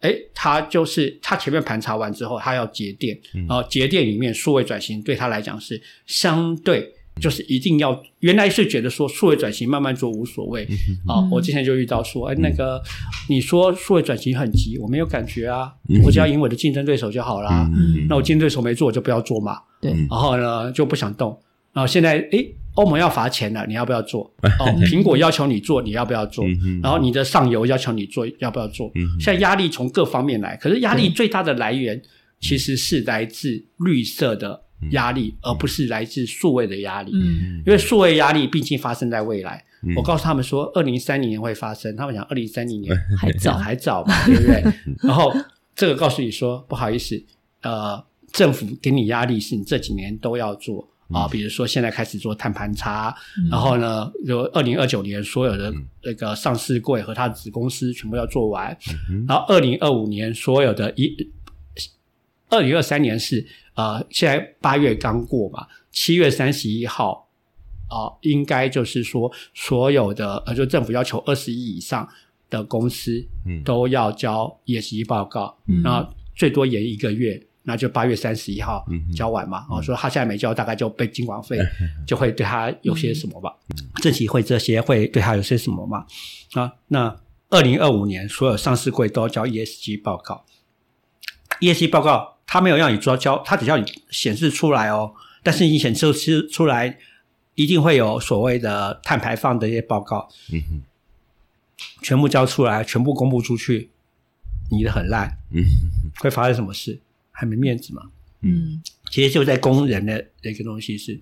哎，他就是他前面盤查完之後，他要節電，然後節電裡面，數位轉型對他來講是相對就是一定要。原來是覺得說數位轉型慢慢做無所謂，啊，我之前就遇到說，哎，那個你說數位轉型很急，我沒有感覺啊，我只要贏我的競爭對手就好啦，嗯，那我競爭對手沒做我就不要做嘛。對，然後呢就不想動，然後現在哎。歐盟要罰錢了，你要不要做？哦，蘋果要求你做，你要不要做？ 然後你的上游要求你做，要不要做？現在壓力從各方面來，可是壓力最大的來源其實是來自綠色的壓力，而不是來自數位的壓力。 因為數位壓力畢竟發生在未來。 我告訴他們說，二零三零年會發生，他們講二零三零年還早還早嘛， 對不對？然後這個告訴你說，不好意思，呃，政府給你壓力是你這幾年都要做。啊、哦，比如說現在開始做碳盤查，然後呢，就二零二九年所有的那個上市櫃和它的子公司全部要做完，嗯、然後二零二五年所有的一，一二零二三年是呃現在八月剛過嘛，七月三十一號啊、呃，應該就是說所有的呃，就政府要求二十億以上的公司都要交 ESG 報告，嗯、然後最多延一個月。那就八月三十一號交完嘛。我、嗯、說、哦、他現在沒交，大概就被金管會就會對他有些什麼吧？政、嗯、監會這些會對他有些什麼嘛？啊，那二零二五年所有上市櫃都要交 ESG 報告。ESG 報告他沒有讓你抓交，他只要你顯示出來哦。但是你顯示出出來，一定會有所謂的碳排放的一些報告。嗯，全部交出來，全部公布出去，你的很爛。嗯，會發生什麼事？還沒面子嘛，嗯，其實就在工人的一個東西是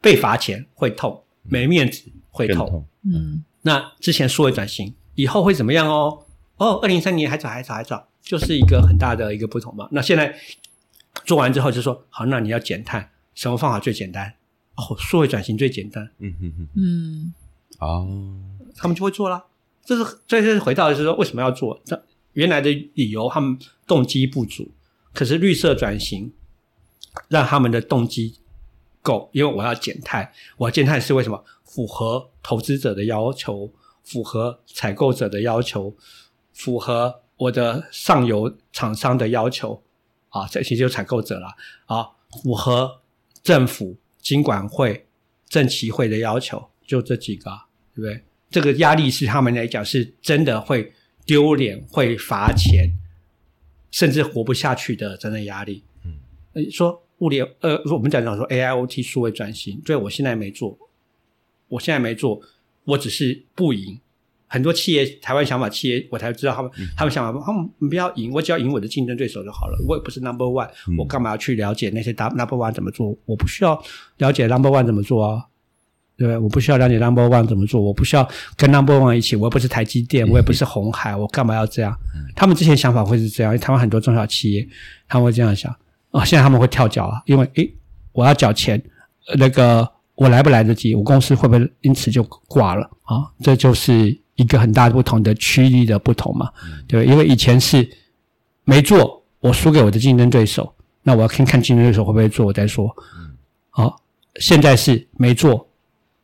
被罰錢會痛，沒面子會痛，痛嗯。那之前數位轉型以後會怎麼樣哦？哦，二零三零年還早還早還早，就是一個很大的一個不同嘛。那現在做完之後就說好，那你要減碳，什麼方法最簡單？哦，數位轉型最簡單，嗯哼哼，嗯，哦、oh.，他們就會做了。這是，這是回到是說為什麼要做？這原來的理由他們動機不足。可是綠色轉型讓他們的動機夠，因為我要減碳，我要減碳是為什麼？符合投資者的要求，符合採購者的要求，符合我的上游廠商的要求啊！這些就是採購者了啊，符合政府金管會、證期會的要求，就這幾個，對不對？這個壓力是他們來講是真的會丟臉，會罰錢。甚至活不下去的真正壓力。嗯，說物聯呃，我們講講說 AIOT 數位轉型，對，我現在沒做，我現在沒做，我只是不贏。很多企業台灣想法企業，我才知道他們，嗯、他們想他們不要贏，我只要贏我的競爭對手就好了。我也不是 number one，嗯、我幹嘛要去了解那些大 number one 怎麼做？我不需要了解 number one 怎麼做啊，哦。對，對，我不需要了解 number one 怎麼做，我不需要跟 number one 一起，我也不是台積電嘿嘿，我也不是紅海，我幹嘛要這樣？嗯、他們這些想法會是這樣，因為他們很多中小企業，他們會這樣想啊、哦。現在他們會跳腳啊，因為誒，我要繳錢，呃、那個我來不來得及？我公司會不會因此就掛了啊？這就是一個很大的不同的區域的不同嘛。對，對，因為以前是沒做，我輸給我的競爭對手，那我要看看競爭對手會不會做，我再說。好、啊，現在是沒做。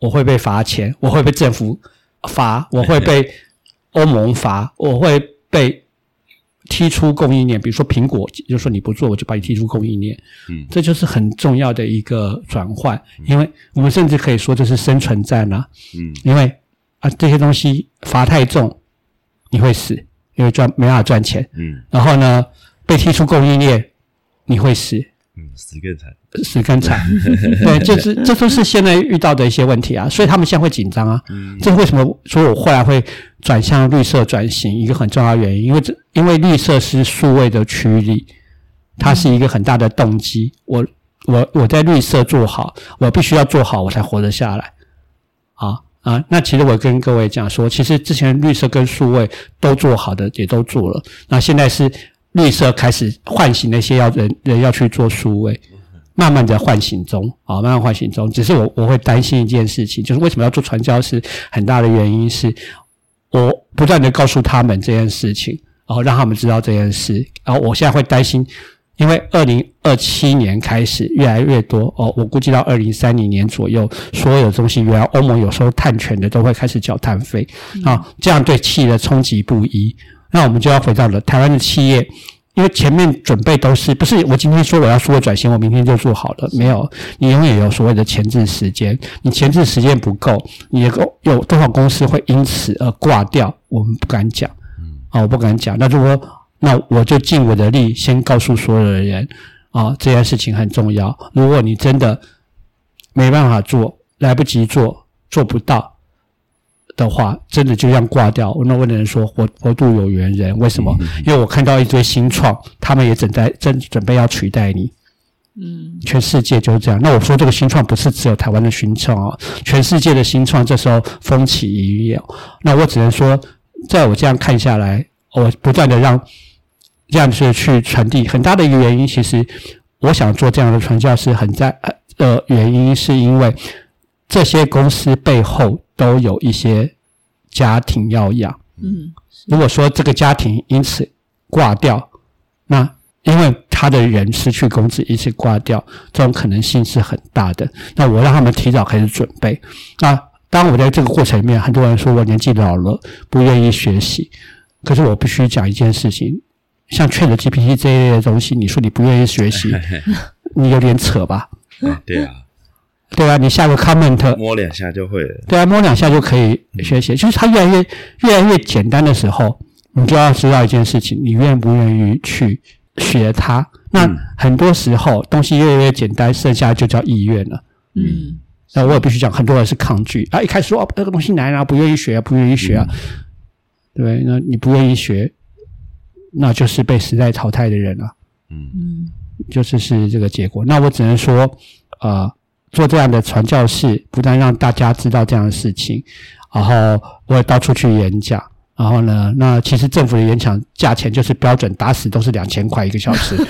我會被罰錢，我會被政府罰，我會被歐盟罰，我會被踢出供應鏈。比如說蘋果，就說你不做，我就把你踢出供應鏈。嗯，這就是很重要的一個轉換，嗯，因為我們甚至可以說這是生存戰呢，啊。嗯，因為啊這些東西罰太重，你會死，因為賺，沒辦法賺錢。嗯，然後呢，被踢出供應鏈，你會死。死更慘，死更慘， 對，就是這都是現在遇到的一些問題啊，所以他們現在會緊張啊。嗯、這為什麼說我後來會轉向綠色轉型？一個很重要的原因，因為這因為綠色是數位的驅力，它是一個很大的動機，嗯。我我我在綠色做好，我必須要做好，我才活得下來。啊啊，那其實我跟各位講說，其實之前綠色跟數位都做好的，也都做了，那現在是。綠色開始喚醒那些要人人要去做數位，慢慢的喚醒中，啊、哦，慢慢喚醒中。只是我我會擔心一件事情，就是為什麼要做傳教士？很大的原因是，我不斷的告訴他們這件事情，然、哦、後讓他們知道這件事。然、哦、後我現在會擔心，因為二零二七年開始越來越多哦，我估計到二零三零年左右，所有的東西原來歐盟有時候碳權的都會開始繳碳費啊，這樣對氣的衝擊不一。那我們就要回到了台灣的企業，因為前面準備都是，不是我今天說我要做轉型，我明天就做好了？沒有，你永遠有所謂的前置時間，你前置時間不夠，你有多少公司會因此而掛掉？我們不敢講，啊、哦，我不敢講。那如果那我就盡我的力，先告訴所有的人啊、哦，這件事情很重要。如果你真的沒辦法做，來不及做，做不到。的話，真的就這樣掛掉。那我問的人說：“活活度有緣人，為什麼嗯嗯嗯？因為我看到一堆新創，他們也正在正準備要取代你。嗯，全世界就是這樣。那我說這個新創不是只有台灣的新創哦，全世界的新創這時候風起雲湧。那我只能說，在我這樣看下來，我不斷的讓這樣子去傳遞。很大的一個原因，其實我想做這樣的傳教士，很在呃原因，是因為這些公司背後。”都有一些家庭要養，嗯，如果說這個家庭因此掛掉，那因為他的人失去工資，因此掛掉，這種可能性是很大的。那我讓他們提早開始準備。那當我在這個過程裡面，很多人說我年紀老了不願意學習，可是我必須講一件事情，像 ChatGPT 這一類的東西，你說你不願意學習，哎、嘿嘿你有點扯吧？嗯、哎，對啊。對啊，你下個 comment，摸兩下就會了。對啊，摸兩下就可以學習、嗯。就是它越來越越來越簡單的時候，你就要知道一件事情：你願不願意去學它？那很多時候、嗯、東西越來越簡單，剩下就叫意願了。嗯，那我也必須講，很多人是抗拒啊，一開始說哦，這個東西難啊，不願意學啊，不願意學啊，嗯、對那你不願意學，那就是被時代淘汰的人了、啊。嗯嗯，就是是這個結果。那我只能說啊。呃做這樣的傳教士，不但讓大家知道這樣的事情，然後我也到處去演講。然後呢，那其實政府的演講價錢就是標準，打死都是兩千塊一個小時。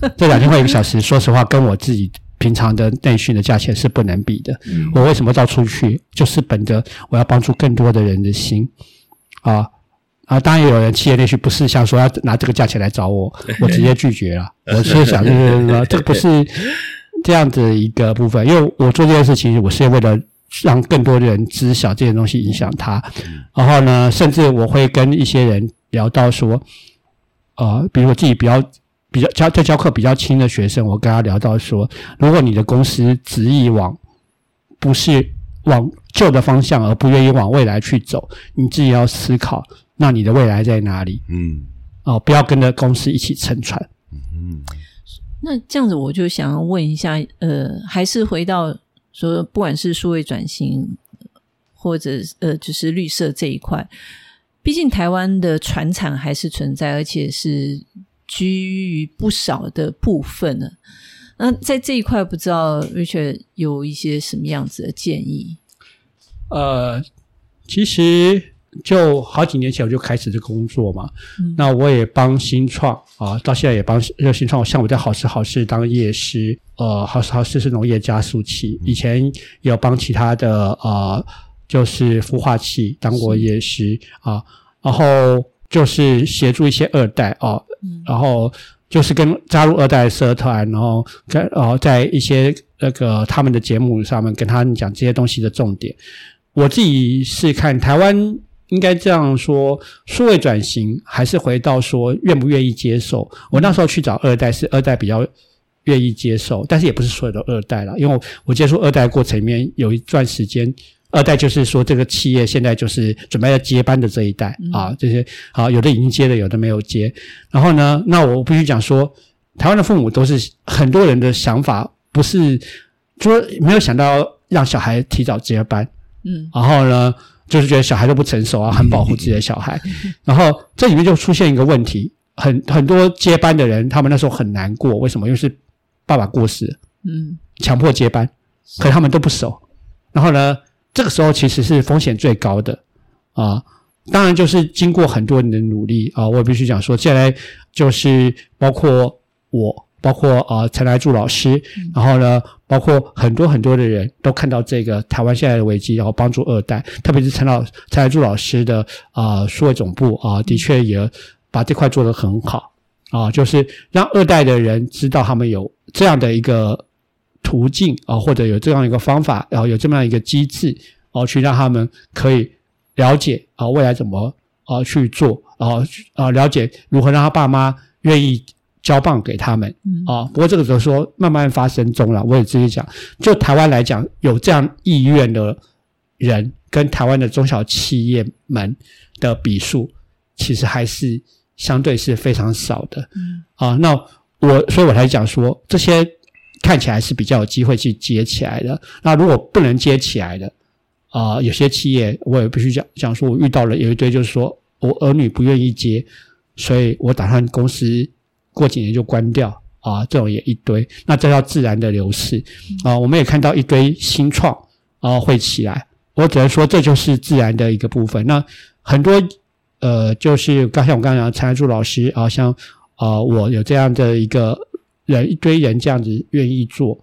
嗯、這兩千塊一個小時，說實話，跟我自己平常的內訓的價錢是不能比的。嗯、我為什麼到處去？就是本着我要幫助更多的人的心啊啊！當然有人企業內訓不是想說要拿這個價錢來找我，我直接拒絕了。 我就想就是說， 這個不是。這樣子一個部分，因為我做這件事情，我是為了讓更多的人知曉這些東西影響他，嗯。然後呢，甚至我會跟一些人聊到說，呃，比如我自己比較比較教在教課比較輕的學生，我跟他聊到說，如果你的公司執意往不是往舊的方向，而不願意往未來去走，你自己要思考，那你的未來在哪裡？嗯，哦，不要跟着公司一起沉船。嗯。那這樣子，我就想要問一下，呃，還是回到說，不管是數位轉型，或者呃，就是綠色這一塊，畢竟台灣的傳產還是存在，而且是居於不少的部分了。那在這一塊，不知道 Richard 有一些什麼樣子的建議？呃，其實。就好幾年前我就開始這工作嘛，嗯、那我也幫新創啊，到現在也幫就新創。我像我在好事好事當業師，呃，好事好事是農業加速器，嗯、以前也有幫其他的呃，就是孵化器，當過業師啊，然後就是協助一些二代啊、嗯，然後就是跟加入二代社團，然後跟哦、呃、在一些那個他們的節目上面跟他講這些東西的重點。我自己是看台灣。應該這樣說，數位轉型還是回到說願不願意接受。我那時候去找二代是二代比較願意接受，但是也不是所有的二代了，因為我,我接觸二代的過程裡面有一段時間，二代就是說這個企業現在就是準備要接班的這一代、嗯、啊，這些、啊，有的已經接了，有的沒有接。然後呢，那我必須講說，台灣的父母都是很多人的想法不是說沒有想到讓小孩提早接班，嗯，然後呢。就是覺得小孩都不成熟啊，很保護自己的小孩，嗯、然後這裡面就出現一個問題，很很多接班的人，他們那時候很難過，為什麼？因為是爸爸過世，嗯，強迫接班，可他們都不熟，然後呢，這個時候其實是風險最高的啊，當然就是經過很多人的努力啊，我也必須講說，接下來就是包括我。包括啊，陳、呃、來助老師，然後呢，包括很多很多的人都看到這個台灣現在的危機，然後幫助二代，特別是陳老陳來助老師的啊，數、呃、位總部啊、呃，的確也把這塊做得很好啊、呃，就是讓二代的人知道他們有這樣的一個途徑啊、呃，或者有這樣一個方法，然、呃、後有這麼樣一個機制哦、呃，去讓他們可以了解啊、呃，未來怎麼啊、呃、去做啊啊、呃呃，了解如何讓他爸媽願意。交棒給他們、嗯、啊！不過這個時候說慢慢發生中了。我也直接講，就台灣來講，有這樣意願的人跟台灣的中小企業們的比數，其實還是相對是非常少的。嗯、啊，那我所以我才講說，這些看起來是比較有機會去接起來的。那如果不能接起來的啊、呃，有些企業我也必須講講說，我遇到了有一堆就是說我兒女不願意接，所以我打算公司。過幾年就關掉啊，這種也一堆，那這叫自然的流逝。嗯、啊。我們也看到一堆新創啊會起來，我只能說這就是自然的一個部分。那很多呃，就是剛像我剛才講陳安柱老師啊，像啊我有這樣的一個人一堆人這樣子願意做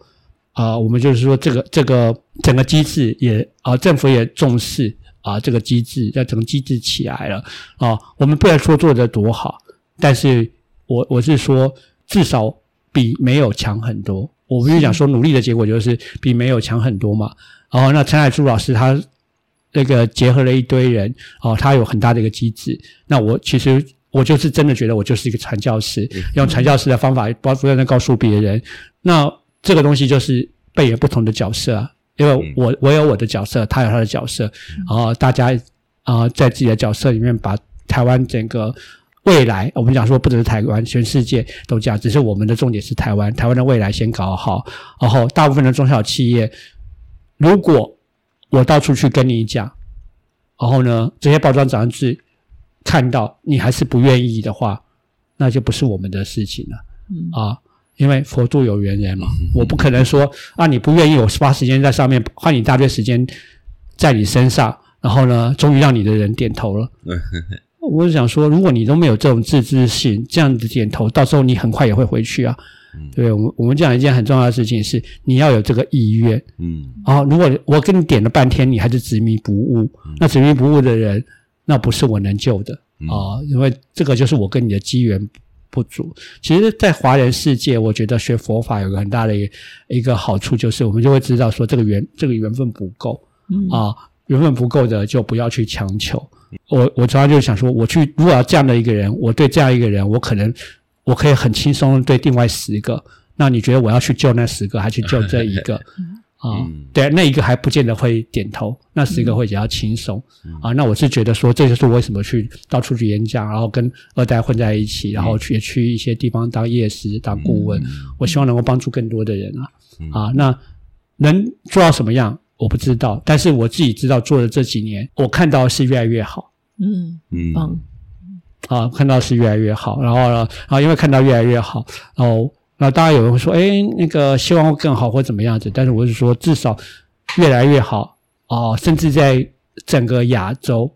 啊，我們就是說這個這個整個機制也啊政府也重視啊這個機制，在整個機制起來了啊。我們不能說做得多好，但是。我我是說，至少比沒有強很多。我不是講說努力的結果就是比沒有強很多嘛。然後、哦、那陳海珠老師他那個結合了一堆人，哦，他有很大的一個機制。那我其實我就是真的覺得我就是一個傳教士，嗯、用傳教士的方法不斷地告訴別人、嗯。那這個東西就是扮演不同的角色、啊，因為我我有我的角色，他有他的角色。嗯、然後大家啊、呃，在自己的角色裡面把台灣整個。未來我們講說，不只是台灣，全世界都這樣。只是我們的重點是台灣，台灣的未來先搞好。然後大部分的中小企業，如果我到處去跟你講，然後呢，這些報章雜誌看到你還是不願意的話，那就不是我們的事情了。嗯、啊，因為佛度有緣人嘛，嗯、我不可能說啊，你不願意，我花時間在上面，花你大堆時間在你身上，然後呢，終於讓你的人點頭了。 我想說，如果你都沒有這種自制性，這樣子點頭，到時候你很快也會回去啊。對，我我們講一件很重要的事情是，你要有這個意願。嗯，啊，如果我跟你點了半天，你還是執迷不悟，那執迷不悟的人，那不是我能救的啊，因為這個就是我跟你的機緣不足。其實，在華人世界，我覺得學佛法有個很大的一個好處，就是我們就會知道說，這個緣這個緣分不夠啊，緣分不夠的就不要去強求。我我主要就是想說，我去如果要這樣的一個人，我對這樣一個人，我可能我可以很輕鬆對另外十個，那你覺得我要去救那十個，還去救這一個嘿嘿嘿啊？嗯、對啊，那一個還不見得會點頭，那十個會比較輕鬆、嗯、啊。那我是覺得說，這就是我為什麼去到處去演講，然後跟二代混在一起，然後去去一些地方當業師，當顧問，嗯、我希望能夠幫助更多的人啊、嗯、啊！那能做到什麼樣？我不知道，但是我自己知道做了這幾年，我看到是越來越好。嗯嗯，嗯，啊，看到是越來越好，然後呢，啊，因為看到越來越好，然後那當然有人會說，哎、欸，那個希望會更好或怎麼樣子？但是我是說，至少越來越好啊、呃，甚至在整個亞洲，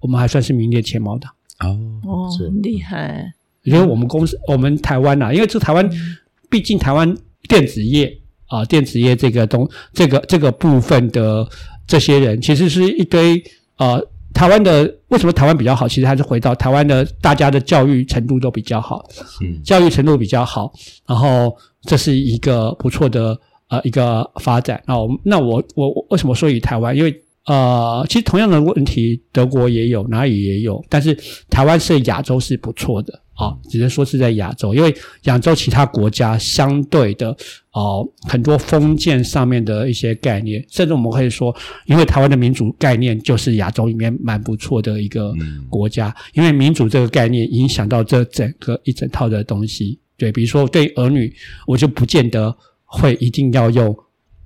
我們還算是名列前茅的。哦真、哦、厲害！因為我們公司，我們台灣啊，因為這台灣，嗯、畢竟台灣電子業。啊、呃，電子業這個東這個這個部分的這些人，其實是一堆呃台灣的，為什麼台灣比較好？其實還是回到台灣的大家的教育程度都比較好，嗯，教育程度比較好，然後這是一個不錯的呃一個發展啊、哦。那我我，我為什麼說以台灣？因為呃，其實同樣的問題，德國也有，哪裡也有，但是台灣是亞洲是不錯的。啊、哦，只能說是在亞洲，因為亞洲其他國家相對的，哦，很多封建上面的一些概念，甚至我們可以說，因為台灣的民主概念就是亞洲裡面蠻不錯的一個國家，嗯，因為民主這個概念影響到這整個一整套的東西。對，比如說對兒女，我就不見得會一定要用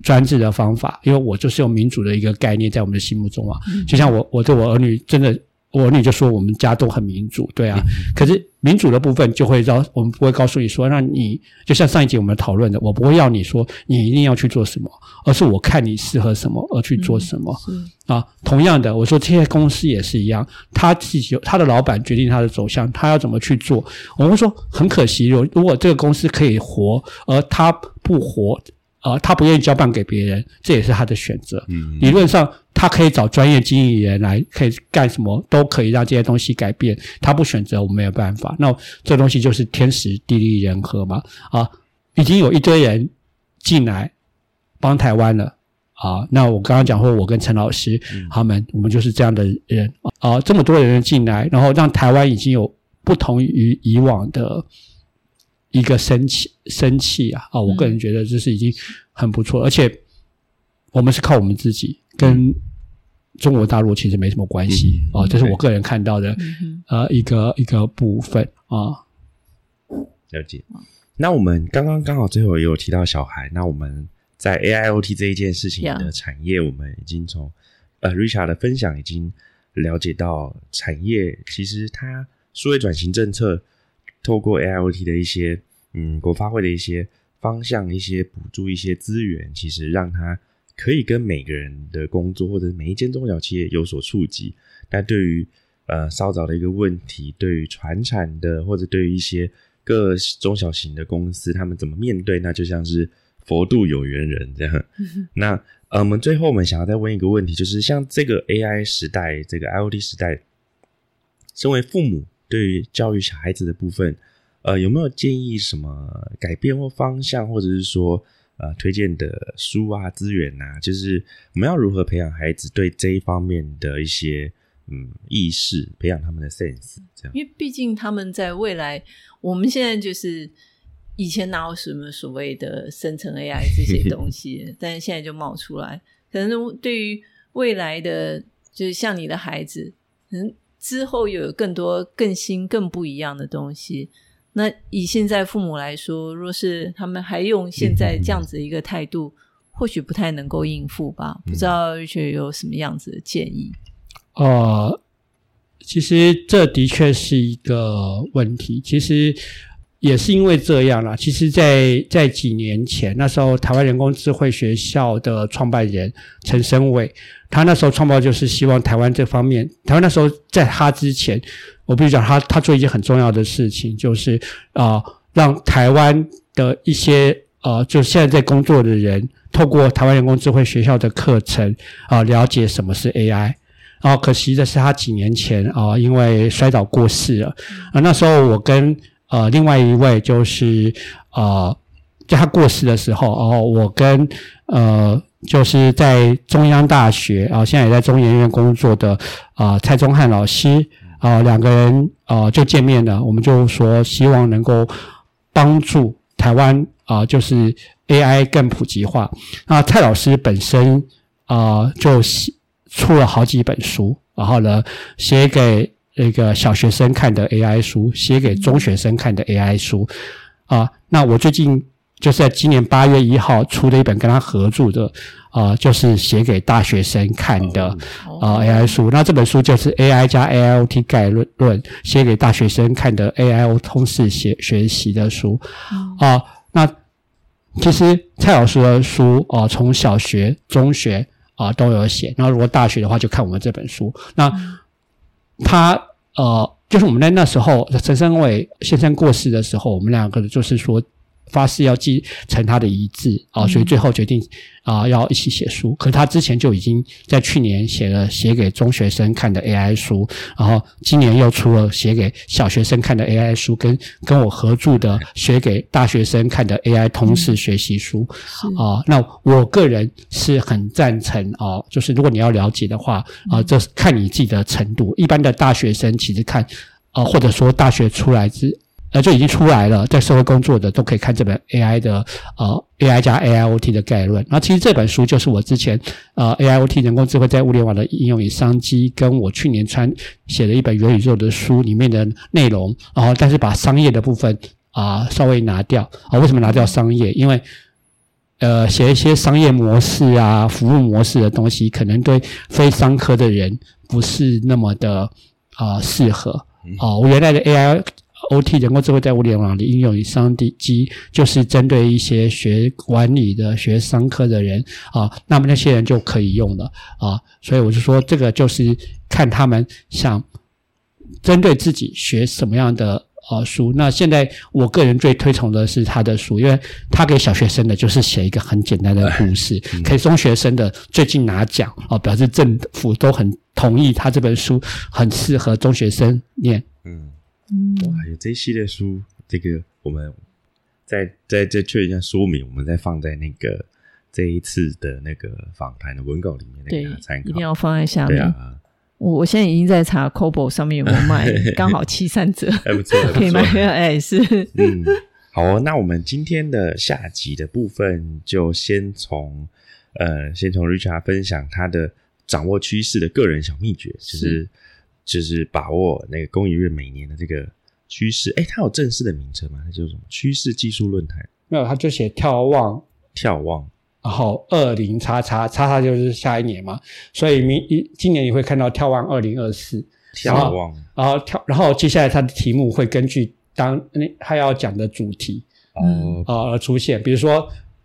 專制的方法，因為我就是用民主的一個概念在我們的心目中啊，嗯、就像我，我對我兒女真的。我你就說我們家都很民主，對啊，嗯、可是民主的部分就會讓我們不會告訴你說，讓你就像上一集我們討論的，我不會要你說你一定要去做什麼，而是我看你適合什麼而去做什麼。嗯、啊，同樣的，我說這些公司也是一樣，他自己他的老闆決定他的走向，他要怎麼去做。我們會說很可惜，如如果這個公司可以活，而他不活，啊、呃，他不願意交辦給別人，這也是他的選擇。嗯嗯。理論上他可以找專業經營人來，可以幹什麼都可以讓這些東西改變。他不選擇，我沒有辦法。那這東西就是天時地利人和嘛。啊，已經有一堆人進來幫台灣了。啊，那我剛剛講過，我跟陳老師他、嗯啊、們，我們就是這樣的人。啊，這麼多人進來，然後讓台灣已經有不同於以往的。一個生氣生氣啊、哦！我個人覺得這是已經很不錯了、嗯，而且我們是靠我們自己，跟中國大陸其實沒什麼關係啊、嗯哦嗯。這是我個人看到的啊、嗯呃、一個一個部分啊、哦。了解。那我們剛剛剛好最後也有提到小孩，那我們在 AIoT 這一件事情的產業，yeah. 我們已經從呃 Richard 的分享已經了解到產業其實它數位轉型政策。透過 AIoT 的一些，嗯，我發揮的一些方向、一些補助、一些資源，其實讓它可以跟每個人的工作，或者每一間中小企業有所觸及。那對於呃稍早的一個問題，對於傳產的，或者對於一些各中小型的公司，他們怎麼面對？那就像是佛渡有緣人這樣。 那呃，我們最後我們想要再問一個問題，就是像這個 AI 時代，這個 IoT 時代，身為父母。對於教育小孩子的部分，呃，有沒有建議什麼改變或方向，或者是說，呃，推薦的書啊、資源啊，就是我們要如何培養孩子對這一方面的一些嗯意識，培養他們的 sense，這樣。因為畢竟他們在未來，我們現在就是以前哪有什麼所謂的生成 AI 這些東西， 但是現在就冒出來，可能對於未來的，就是像你的孩子，可能之後又有更多更新、更不一樣的東西。那以現在父母來說，若是他們還用現在這樣子的一個態度、嗯，或許不太能夠應付吧、嗯？不知道有什麼樣子的建議。呃，其實這的確是一個問題。其實也是因為這樣啦。其實在，在在幾年前，那時候台灣人工智慧學校的創辦人陳昇瑋。他那時候創辦就是希望台灣這方面，台灣那時候在他之前，我必須講他，他做一件很重要的事情，就是啊、呃，讓台灣的一些啊、呃，就現在在工作的人，透過台灣人工智慧學校的課程啊、呃，了解什麼是 AI。然後可惜的是，他幾年前啊、呃，因為摔倒過世了。啊、嗯，那時候我跟呃，另外一位就是啊，在、呃、他過世的時候，然、呃、後我跟呃。就是在中央大學啊，現在也在中研院工作的啊、呃、蔡宗翰老師啊、呃，兩個人啊、呃、就見面了，我們就說希望能夠幫助台灣啊、呃，就是 AI 更普及化。那蔡老師本身啊、呃、就寫出了好幾本書，然後呢寫給那個小學生看的 AI 書，寫給中學生看的 AI 書啊、呃。那我最近。就是在今年八月一號出的一本跟他合著的啊、呃，就是寫給大學生看的啊、oh. oh. 呃、AI 書。那這本書就是 AI 加 AIoT 概論論，寫給大學生看的 AIoT 通識學學習的書啊、oh. 呃。那其實蔡老師的書啊，從、呃、小學、中學啊、呃、都有寫。那如果大學的話，就看我們這本書。那、oh. 他呃，就是我們在那時候陳生偉先生過世的時候，我們兩個就是說。發誓要繼承他的遺志啊，所以最後決定啊，要一起寫書。可是他之前就已經在去年寫了寫給中學生看的 AI 書，然後今年又出了寫給小學生看的 AI 書，跟跟我合著的寫給大學生看的 AI 通識學習書啊、呃。那我個人是很贊成啊、呃，就是如果你要了解的話啊、呃，這是看你自己的程度。一般的大學生其實看啊、呃，或者說大學出來之。呃就已經出來了，在社會工作的都可以看這本 AI 的呃 AI 加 AIoT 的概論。那其實這本書就是我之前呃 AIoT 人工智慧在物聯網的應用與商機，跟我去年撰寫的一本元宇宙的書裡面的內容，然、呃、後但是把商業的部分啊、呃、稍微拿掉啊、呃。為什麼拿掉商業？因為呃寫一些商業模式啊、服務模式的東西，可能對非商科的人不是那麼的啊、呃、適合。哦、呃，我原來的 AI。O T 人工智慧在物聯網的應用與商機，就是針對一些學管理的、學商科的人啊、呃，那麼那些人就可以用了啊、呃。所以我就說，這個就是看他們想針對自己學什麼樣的啊、呃、書。那現在我個人最推崇的是他的書，因為他給小學生的就是寫一個很簡單的故事，給中學生的最近拿獎啊、呃，表示政府都很同意他這本書很適合中學生念。嗯。嗯、哇，有這一系列書，這個我們再再再確認一下說明，我們再放在那個這一次的那個訪談的文稿裡面給考，對，參考一定要放在下面。啊、我現在已經在查 Cobo 上面有沒有賣，剛好七三折， 還不錯，可以買。哎，是，嗯，好、哦，那我們今天的下集的部分就先從呃，先從 Richard 分享他的掌握趨勢的個人小秘訣，就是。就是把握那個工研院每年的這個趨勢，哎、欸，它有正式的名稱嗎？它叫什麼？趨勢技術論壇？沒有，它就寫“眺望”，眺望，然後二零叉叉叉叉就是下一年嘛，所以明一今年你會看到“眺望二零二四”，眺望，然後，然後跳，然後接下來它的題目會根據當它要講的主題，嗯啊、okay. 呃、出現，比如說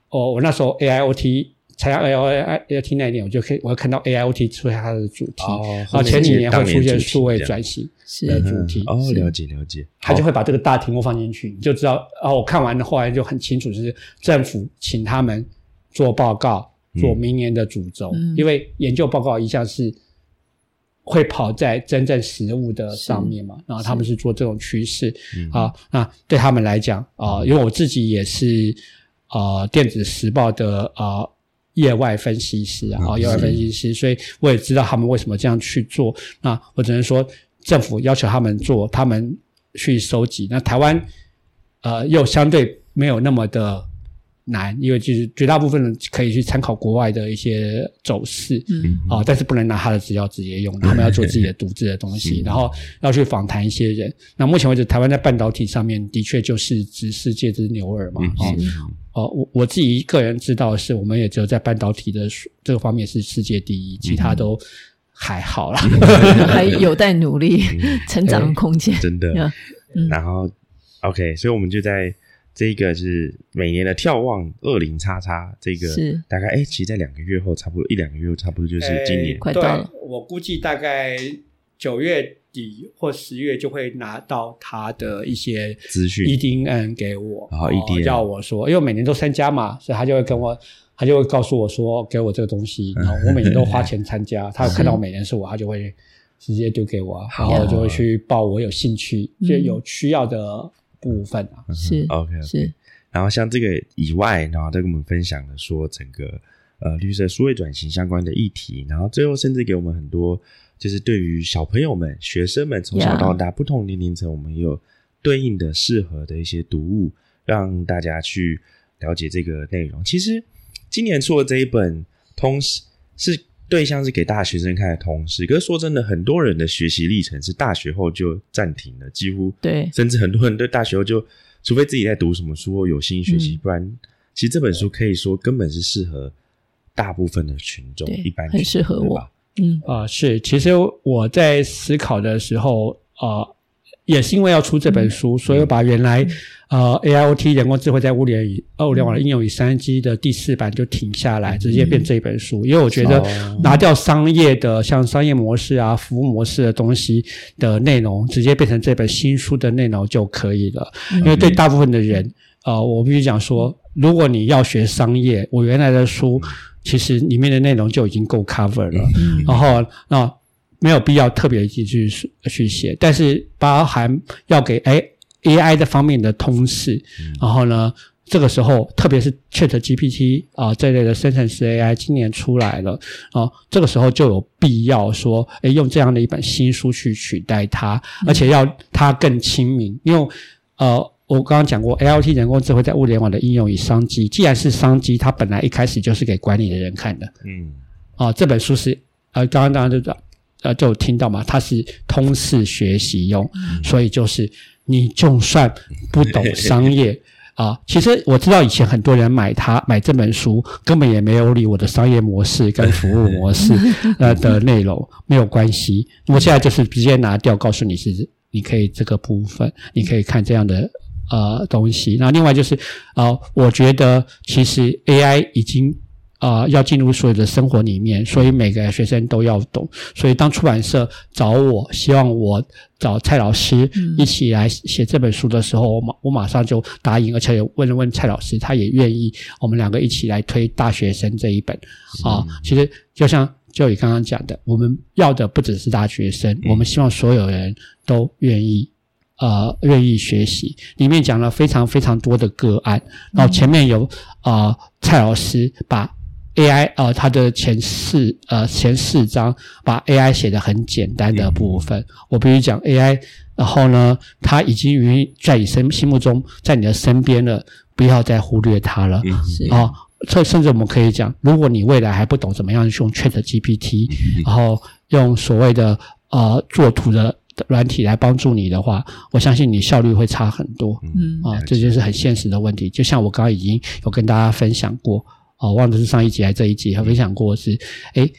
哦，我那時候 AIOT。才要 A I O T 那一年，我就可以，我要看到 A I O T 出現它的主題，哦、然後前幾年，年會出現數位轉型的主題。哦，了、嗯、解、哦、了解。他就會把這個大題目放進去，哦，你就知道。然、哦、後我看完後來就很清楚，就是政府請他們做報告，做明年的主軸，嗯，因為研究報告一向是會跑在真正實物的上面嘛。然後他們是做這種趨勢、嗯、啊，那對他們來講啊、呃，因為我自己也是啊、呃，電子時報的啊。呃業外分析師啊、哦，業外分析師，所以我也知道他們為什麼這樣去做。那我只能說，政府要求他們做，他們去收集。那台灣呃，又相對沒有那麼的。難，因為就是絕大部分人可以去參考國外的一些走勢，嗯，啊、哦，但是不能拿他的資料直接用、嗯，他們要做自己的獨自的東西，嗯、然後要去訪談一些人。那目前為止，台灣在半導體上面的確就是執世界之牛耳嘛，哦、嗯，哦，我我自己一個人知道的是，我們也只有在半導體的這個方面是世界第一，嗯、其他都還好啦。嗯、 還有待努力、嗯、成長空間，真的。嗯、然後，OK，所以我們就在。這個是每年的眺望二零叉叉，這個是大概哎，其實，在兩個月後，差不多一兩個月，後，差不多就是今年對,對，我估計大概九月底或十月就會拿到他的一些資訊。EDM 給我，然後 EDM 叫我說，因為每年都參加嘛，所以他就會跟我，他就會告訴我說，給我這個東西、嗯。然後我每年都花錢參加， 他看到我每年是我，他就會直接丟給我，然後我就會去報我有興趣，就、yeah. 有需要的、嗯。部分啊，是 okay, OK，是。然後像這個以外，然後再跟我們分享的說整個呃綠色數位轉型相關的議題，然後最後甚至給我們很多就是對於小朋友們、學生們從小到大不同年齡層，yeah. 我們也有對應的適合的一些讀物，讓大家去了解這個內容。其實今年出的這一本，同時是。對象是給大學生看的同時，可是說真的，很多人的學習歷程是大學後就暫停了，幾乎對，甚至很多人對大學後就，除非自己在讀什麼書有心學習，不然，嗯、，其實這本書可以說根本是適合大部分的群眾，一般很適合我，嗯啊、呃、是，其實我在思考的時候啊。呃也是因為要出這本書，所以我把原來呃 A I O T 人工智慧在物聯網、物聯網應用與三 g 的第四版就停下來，直接變這本書，嗯。因為我覺得拿掉商業的、嗯、像商業模式啊、服務模式的東西的內容，直接變成這本新書的內容就可以了，嗯。因為對大部分的人啊、呃，我必須講說，如果你要學商業，我原來的書其實裡面的內容就已經夠 cover 了。嗯、然後那。沒有必要特別去去去寫，但是包含要給哎 AI 這方面的通識、嗯、然後呢，這個時候特別是 Chat GPT 啊、呃、這類的生成式 AI 今年出來了啊、呃，這個時候就有必要說，哎，用這樣的一本新書去取代它，嗯、而且要它更親民，因為呃，我剛剛講過 LT 人工智能在物聯網的應用與商機，既然是商機，它本來一開始就是給管理的人看的，嗯，啊、呃，這本書是呃，剛剛大家就講。呃，就聽到嘛，它是通識學習用、嗯，所以就是你就算不懂商業啊、 呃，其實我知道以前很多人買它買這本書，根本也沒有理我的商業模式跟服務模式 呃的內容 沒有關係。我現在就是直接拿掉，告訴你是你可以這個部分，你可以看這樣的呃東西。那另外就是啊、呃，我覺得其實 AI 已經。啊、呃，要進入所有的生活裡面，所以每個學生都要懂。所以當出版社找我希望我找蔡老師一起來寫這本書的時候，我、嗯、馬我馬上就答應，而且也問了問蔡老師，他也願意。我們兩個一起來推大學生這一本啊、呃。其實就像就你剛剛講的，我們要的不只是大學生，我們希望所有人都願意、嗯、呃願意學習。裡面講了非常非常多的個案，嗯、然後前面有啊、呃、蔡老師把。AI 呃它的前四呃前四章把 AI 寫的很簡單的部分，嗯、我必須講 AI。然後呢，它已經於在你身心目中，在你的身邊了，不要再忽略它了。啊，這、哦嗯、甚至我們可以講，如果你未來還不懂怎麼樣去用 Chat GPT，、嗯、然後用所謂的呃做圖的軟體來幫助你的話，我相信你效率會差很多。嗯啊，這就是很現實的問題。就像我剛剛已經有跟大家分享過。哦，忘了是上一集還這一集，還分享過是，誒、欸，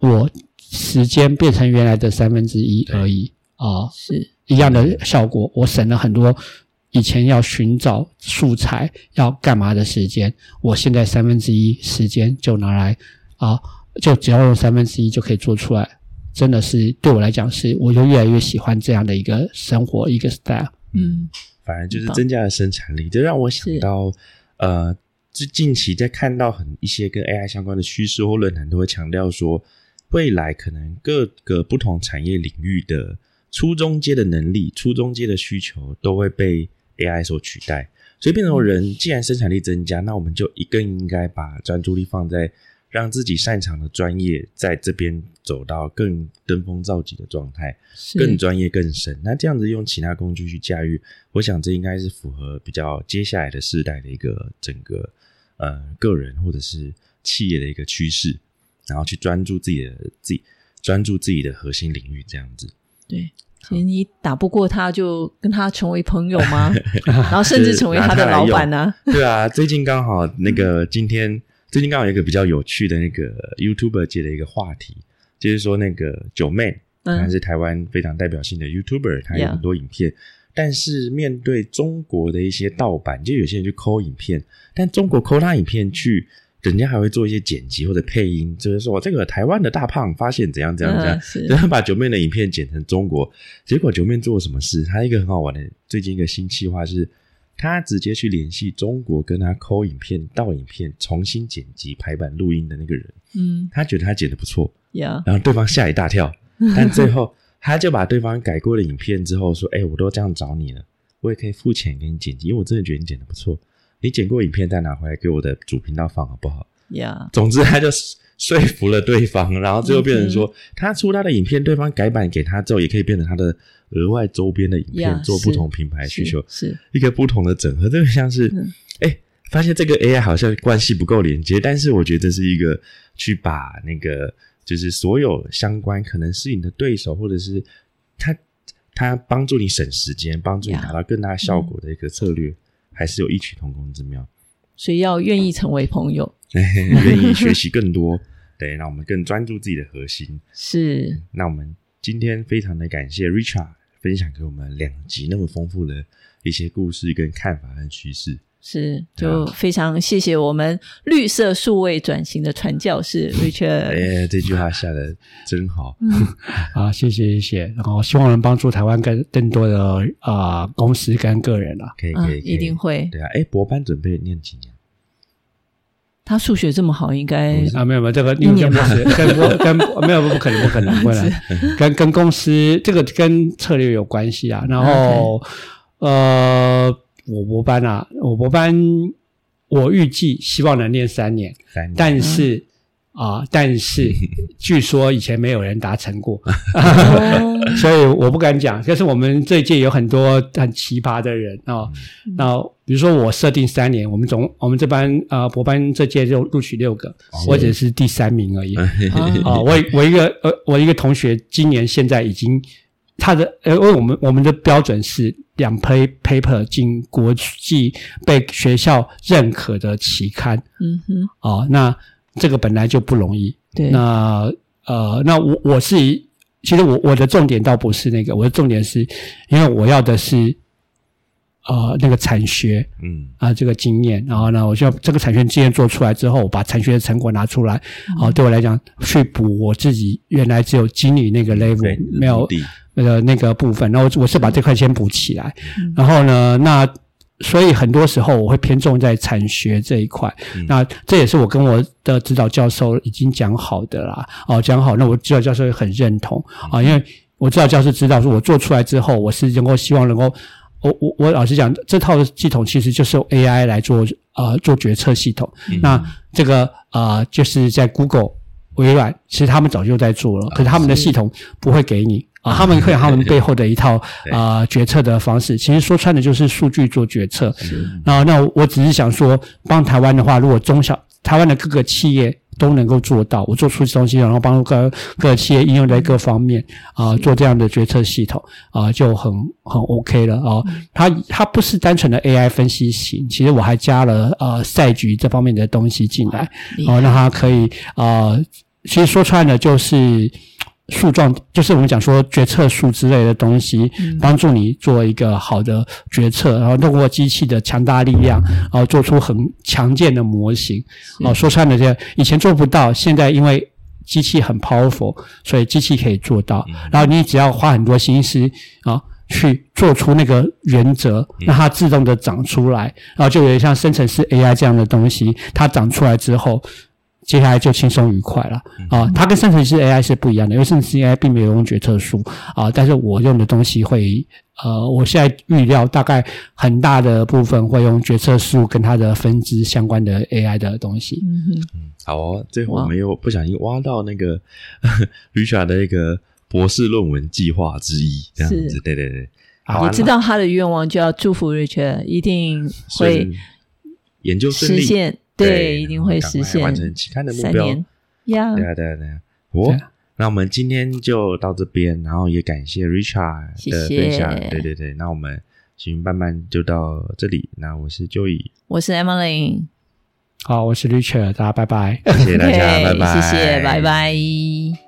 我時間變成原來的三分之一而已，啊、呃，是一樣的效果。我省了很多以前要尋找素材要幹嘛的時間，我現在三分之一時間就拿來啊、呃，就只要用三分之一就可以做出來。真的是對我來講是，我就越來越喜歡這樣的一個生活一個 style 嗯。嗯，反正就是增加了生產力，嗯、就讓我想到呃。是近期在看到很一些跟 AI 相關的趨勢或論壇，都會強調說，未來可能各個不同產業領域的初中階的能力、初中階的需求都會被 AI 所取代，所以變成人既然生產力增加，那我們就更應該把專注力放在讓自己擅長的專業在這邊走到更登峰造極的狀態，更專業更深。那這樣子用其他工具去駕馭，我想這應該是符合比較接下來的世代的一個整個。呃，個人或者是企業的一個趨勢，然後去專注自己的自己，專注自己的核心領域，這樣子。對，其實你打不過他，就跟他成為朋友嗎？ 然後甚至成為他的老闆呢、啊？對啊，最近剛好那個今天，嗯、最近剛好有一個比較有趣的那個 YouTuber 界的一個話題，就是說那個 Joeman、嗯，她是台灣非常代表性的 YouTuber，她、嗯、有很多影片。Yeah. 但是面對中國的一些盜版，就有些人去摳影片，但中國摳他影片去，人家還會做一些剪輯或者配音，就是說哇這個台灣的大胖發現怎樣怎樣怎樣，然後、嗯、把九妹的影片剪成中國，結果九妹做了什麼事？他一個很好玩的最近一個新企劃是，他直接去聯繫中國跟他摳影片、盜影片、重新剪輯、排版、錄音的那個人，嗯，他覺得他剪的不錯、yeah，然後對方嚇一大跳，但最後。 他就把對方改過的影片之後說：“哎、欸，我都這樣找你了，我也可以付錢給你剪輯，因為我真的覺得你剪得不錯。你剪過影片再拿回來給我的主頻道放好不好？”呀、yeah.，總之他就說服了對方，然後最後變成說、mm -hmm. 他出他的影片，對方改版給他之後，也可以變成他的額外周邊的影片，yeah, 做不同品牌需求，是，是，是一個不同的整合。就像是哎、欸，發現這個 AI 好像關係不夠連接，但是我覺得這是一個去把那個。就是所有相關，可能是你的對手，或者是他，他幫助你省時間，幫助你達到更大效果的一個策略，嗯、還是有異曲同工之妙。所以要願意成為朋友，願 意學習更多， 對，讓我們更專注自己的核心。是，那我們今天非常的感謝 Richard 分享給我們兩集那麼豐富的一些故事，跟看法跟趨勢。是，就非常謝謝我們綠色數位轉型的傳教士 Richard。哎、 欸欸，這句話下得真好、 嗯，啊，謝謝謝謝，然後希望能幫助台灣更多的啊、呃、公司跟個人啊，可以可以，啊，一定會。對啊，哎，博班準備念幾年？他數學這麼好，應該啊沒有沒有，這個一年半， 跟跟沒有，不可能不可能不可能，不可能不可能 跟跟公司這個跟策略有關係啊，然後，okay. 呃。我博班啊，我博班，我預計希望能念三年，三年，但是啊，啊，但是 據說以前沒有人達成過、 啊，所以我不敢講。但是我們這屆有很多很奇葩的人啊，那、嗯啊、比如說我設定三年，我們總我們這班啊博班這屆就錄取六個，或者是第三名而已啊，啊。我我一個呃，我一個同學今年現在已經。他的，呃，因為我們我們的標準是兩篇 paper 進國際被學校認可的期刊，嗯哼，啊、呃，那這個本來就不容易，對，那呃，那我我是其實我我的重點倒不是那個，我的重點是因為我要的是。呃，那個產學，嗯、呃、啊，這個經驗，然後呢，我就要這個產學經驗做出來之後，我把產學的成果拿出來，啊、嗯呃，對我來講，去補我自己原來只有經理那個 level 沒有那個那個部分，然後我是把這塊先補起來、嗯，然後呢，那所以很多時候我會偏重在產學這一塊、嗯，那這也是我跟我的指導教授已經講好的啦，哦，講好，那我指導教授也很認同，啊、嗯呃，因為我指導教授知道說，我做出來之後，我是能夠希望能夠。我我我老實講，這套系統其實就是用 AI 來做呃做決策系統。嗯、那這個呃就是在 Google、微軟，其實他們早就在做了，啊、可是他們的系統不會給你啊，他們會他們背後的一套啊、 呃、決策的方式，其實說穿的就是數據做決策。是啊、那那我，我只是想說，幫台灣的話，如果中小。台灣的各個企業都能夠做到。我做出的東西然後幫助各各企業應用在各方面啊、呃，做這樣的決策系統啊、呃，就很很 OK 了啊、呃。它它不是單純的 AI 分析型，其實我還加了呃賽局這方面的東西進來，然後、啊呃、讓它可以啊、呃。其實說穿了就是。樹狀就是我們講說決策樹之類的東西，幫助你做一個好的決策，嗯、然後透過機器的強大力量、嗯，然後做出很強健的模型。哦，說穿了這樣，這以前做不到，現在因為機器很 powerful，所以機器可以做到。嗯、然後你只要花很多心思啊、哦，去做出那個原則，讓、嗯、它自動的長出來，然後就有點像生成式 AI 這樣的東西，它長出來之後。接下來就輕鬆愉快了啊、嗯呃！它跟生成式 AI 是不一樣的，嗯、因為生成式 AI 並沒有用決策樹啊、呃。但是我用的東西會，呃，我現在預料大概很大的部分會用決策樹跟它的分支相關的 AI 的東西。嗯哼嗯，好、哦，最後我們又不小心挖到那個 Richard 的一個博士論文計劃之一，這樣子，對對對好。你知道他的願望，就要祝福 Richard 一定會是是研究順利。對，一定會實現完成其他的目標。三年，yeah. 對啊，對啊，對啊！哦，yeah. 那我們今天就到這邊，然後也感謝 Richard 的分享。對，對，對，對。那我們行雲伴拌就到這裡。那我是 Joey，我是 Emily。好，我是 Richard。大家拜拜，謝謝大家，拜拜，謝謝，拜拜。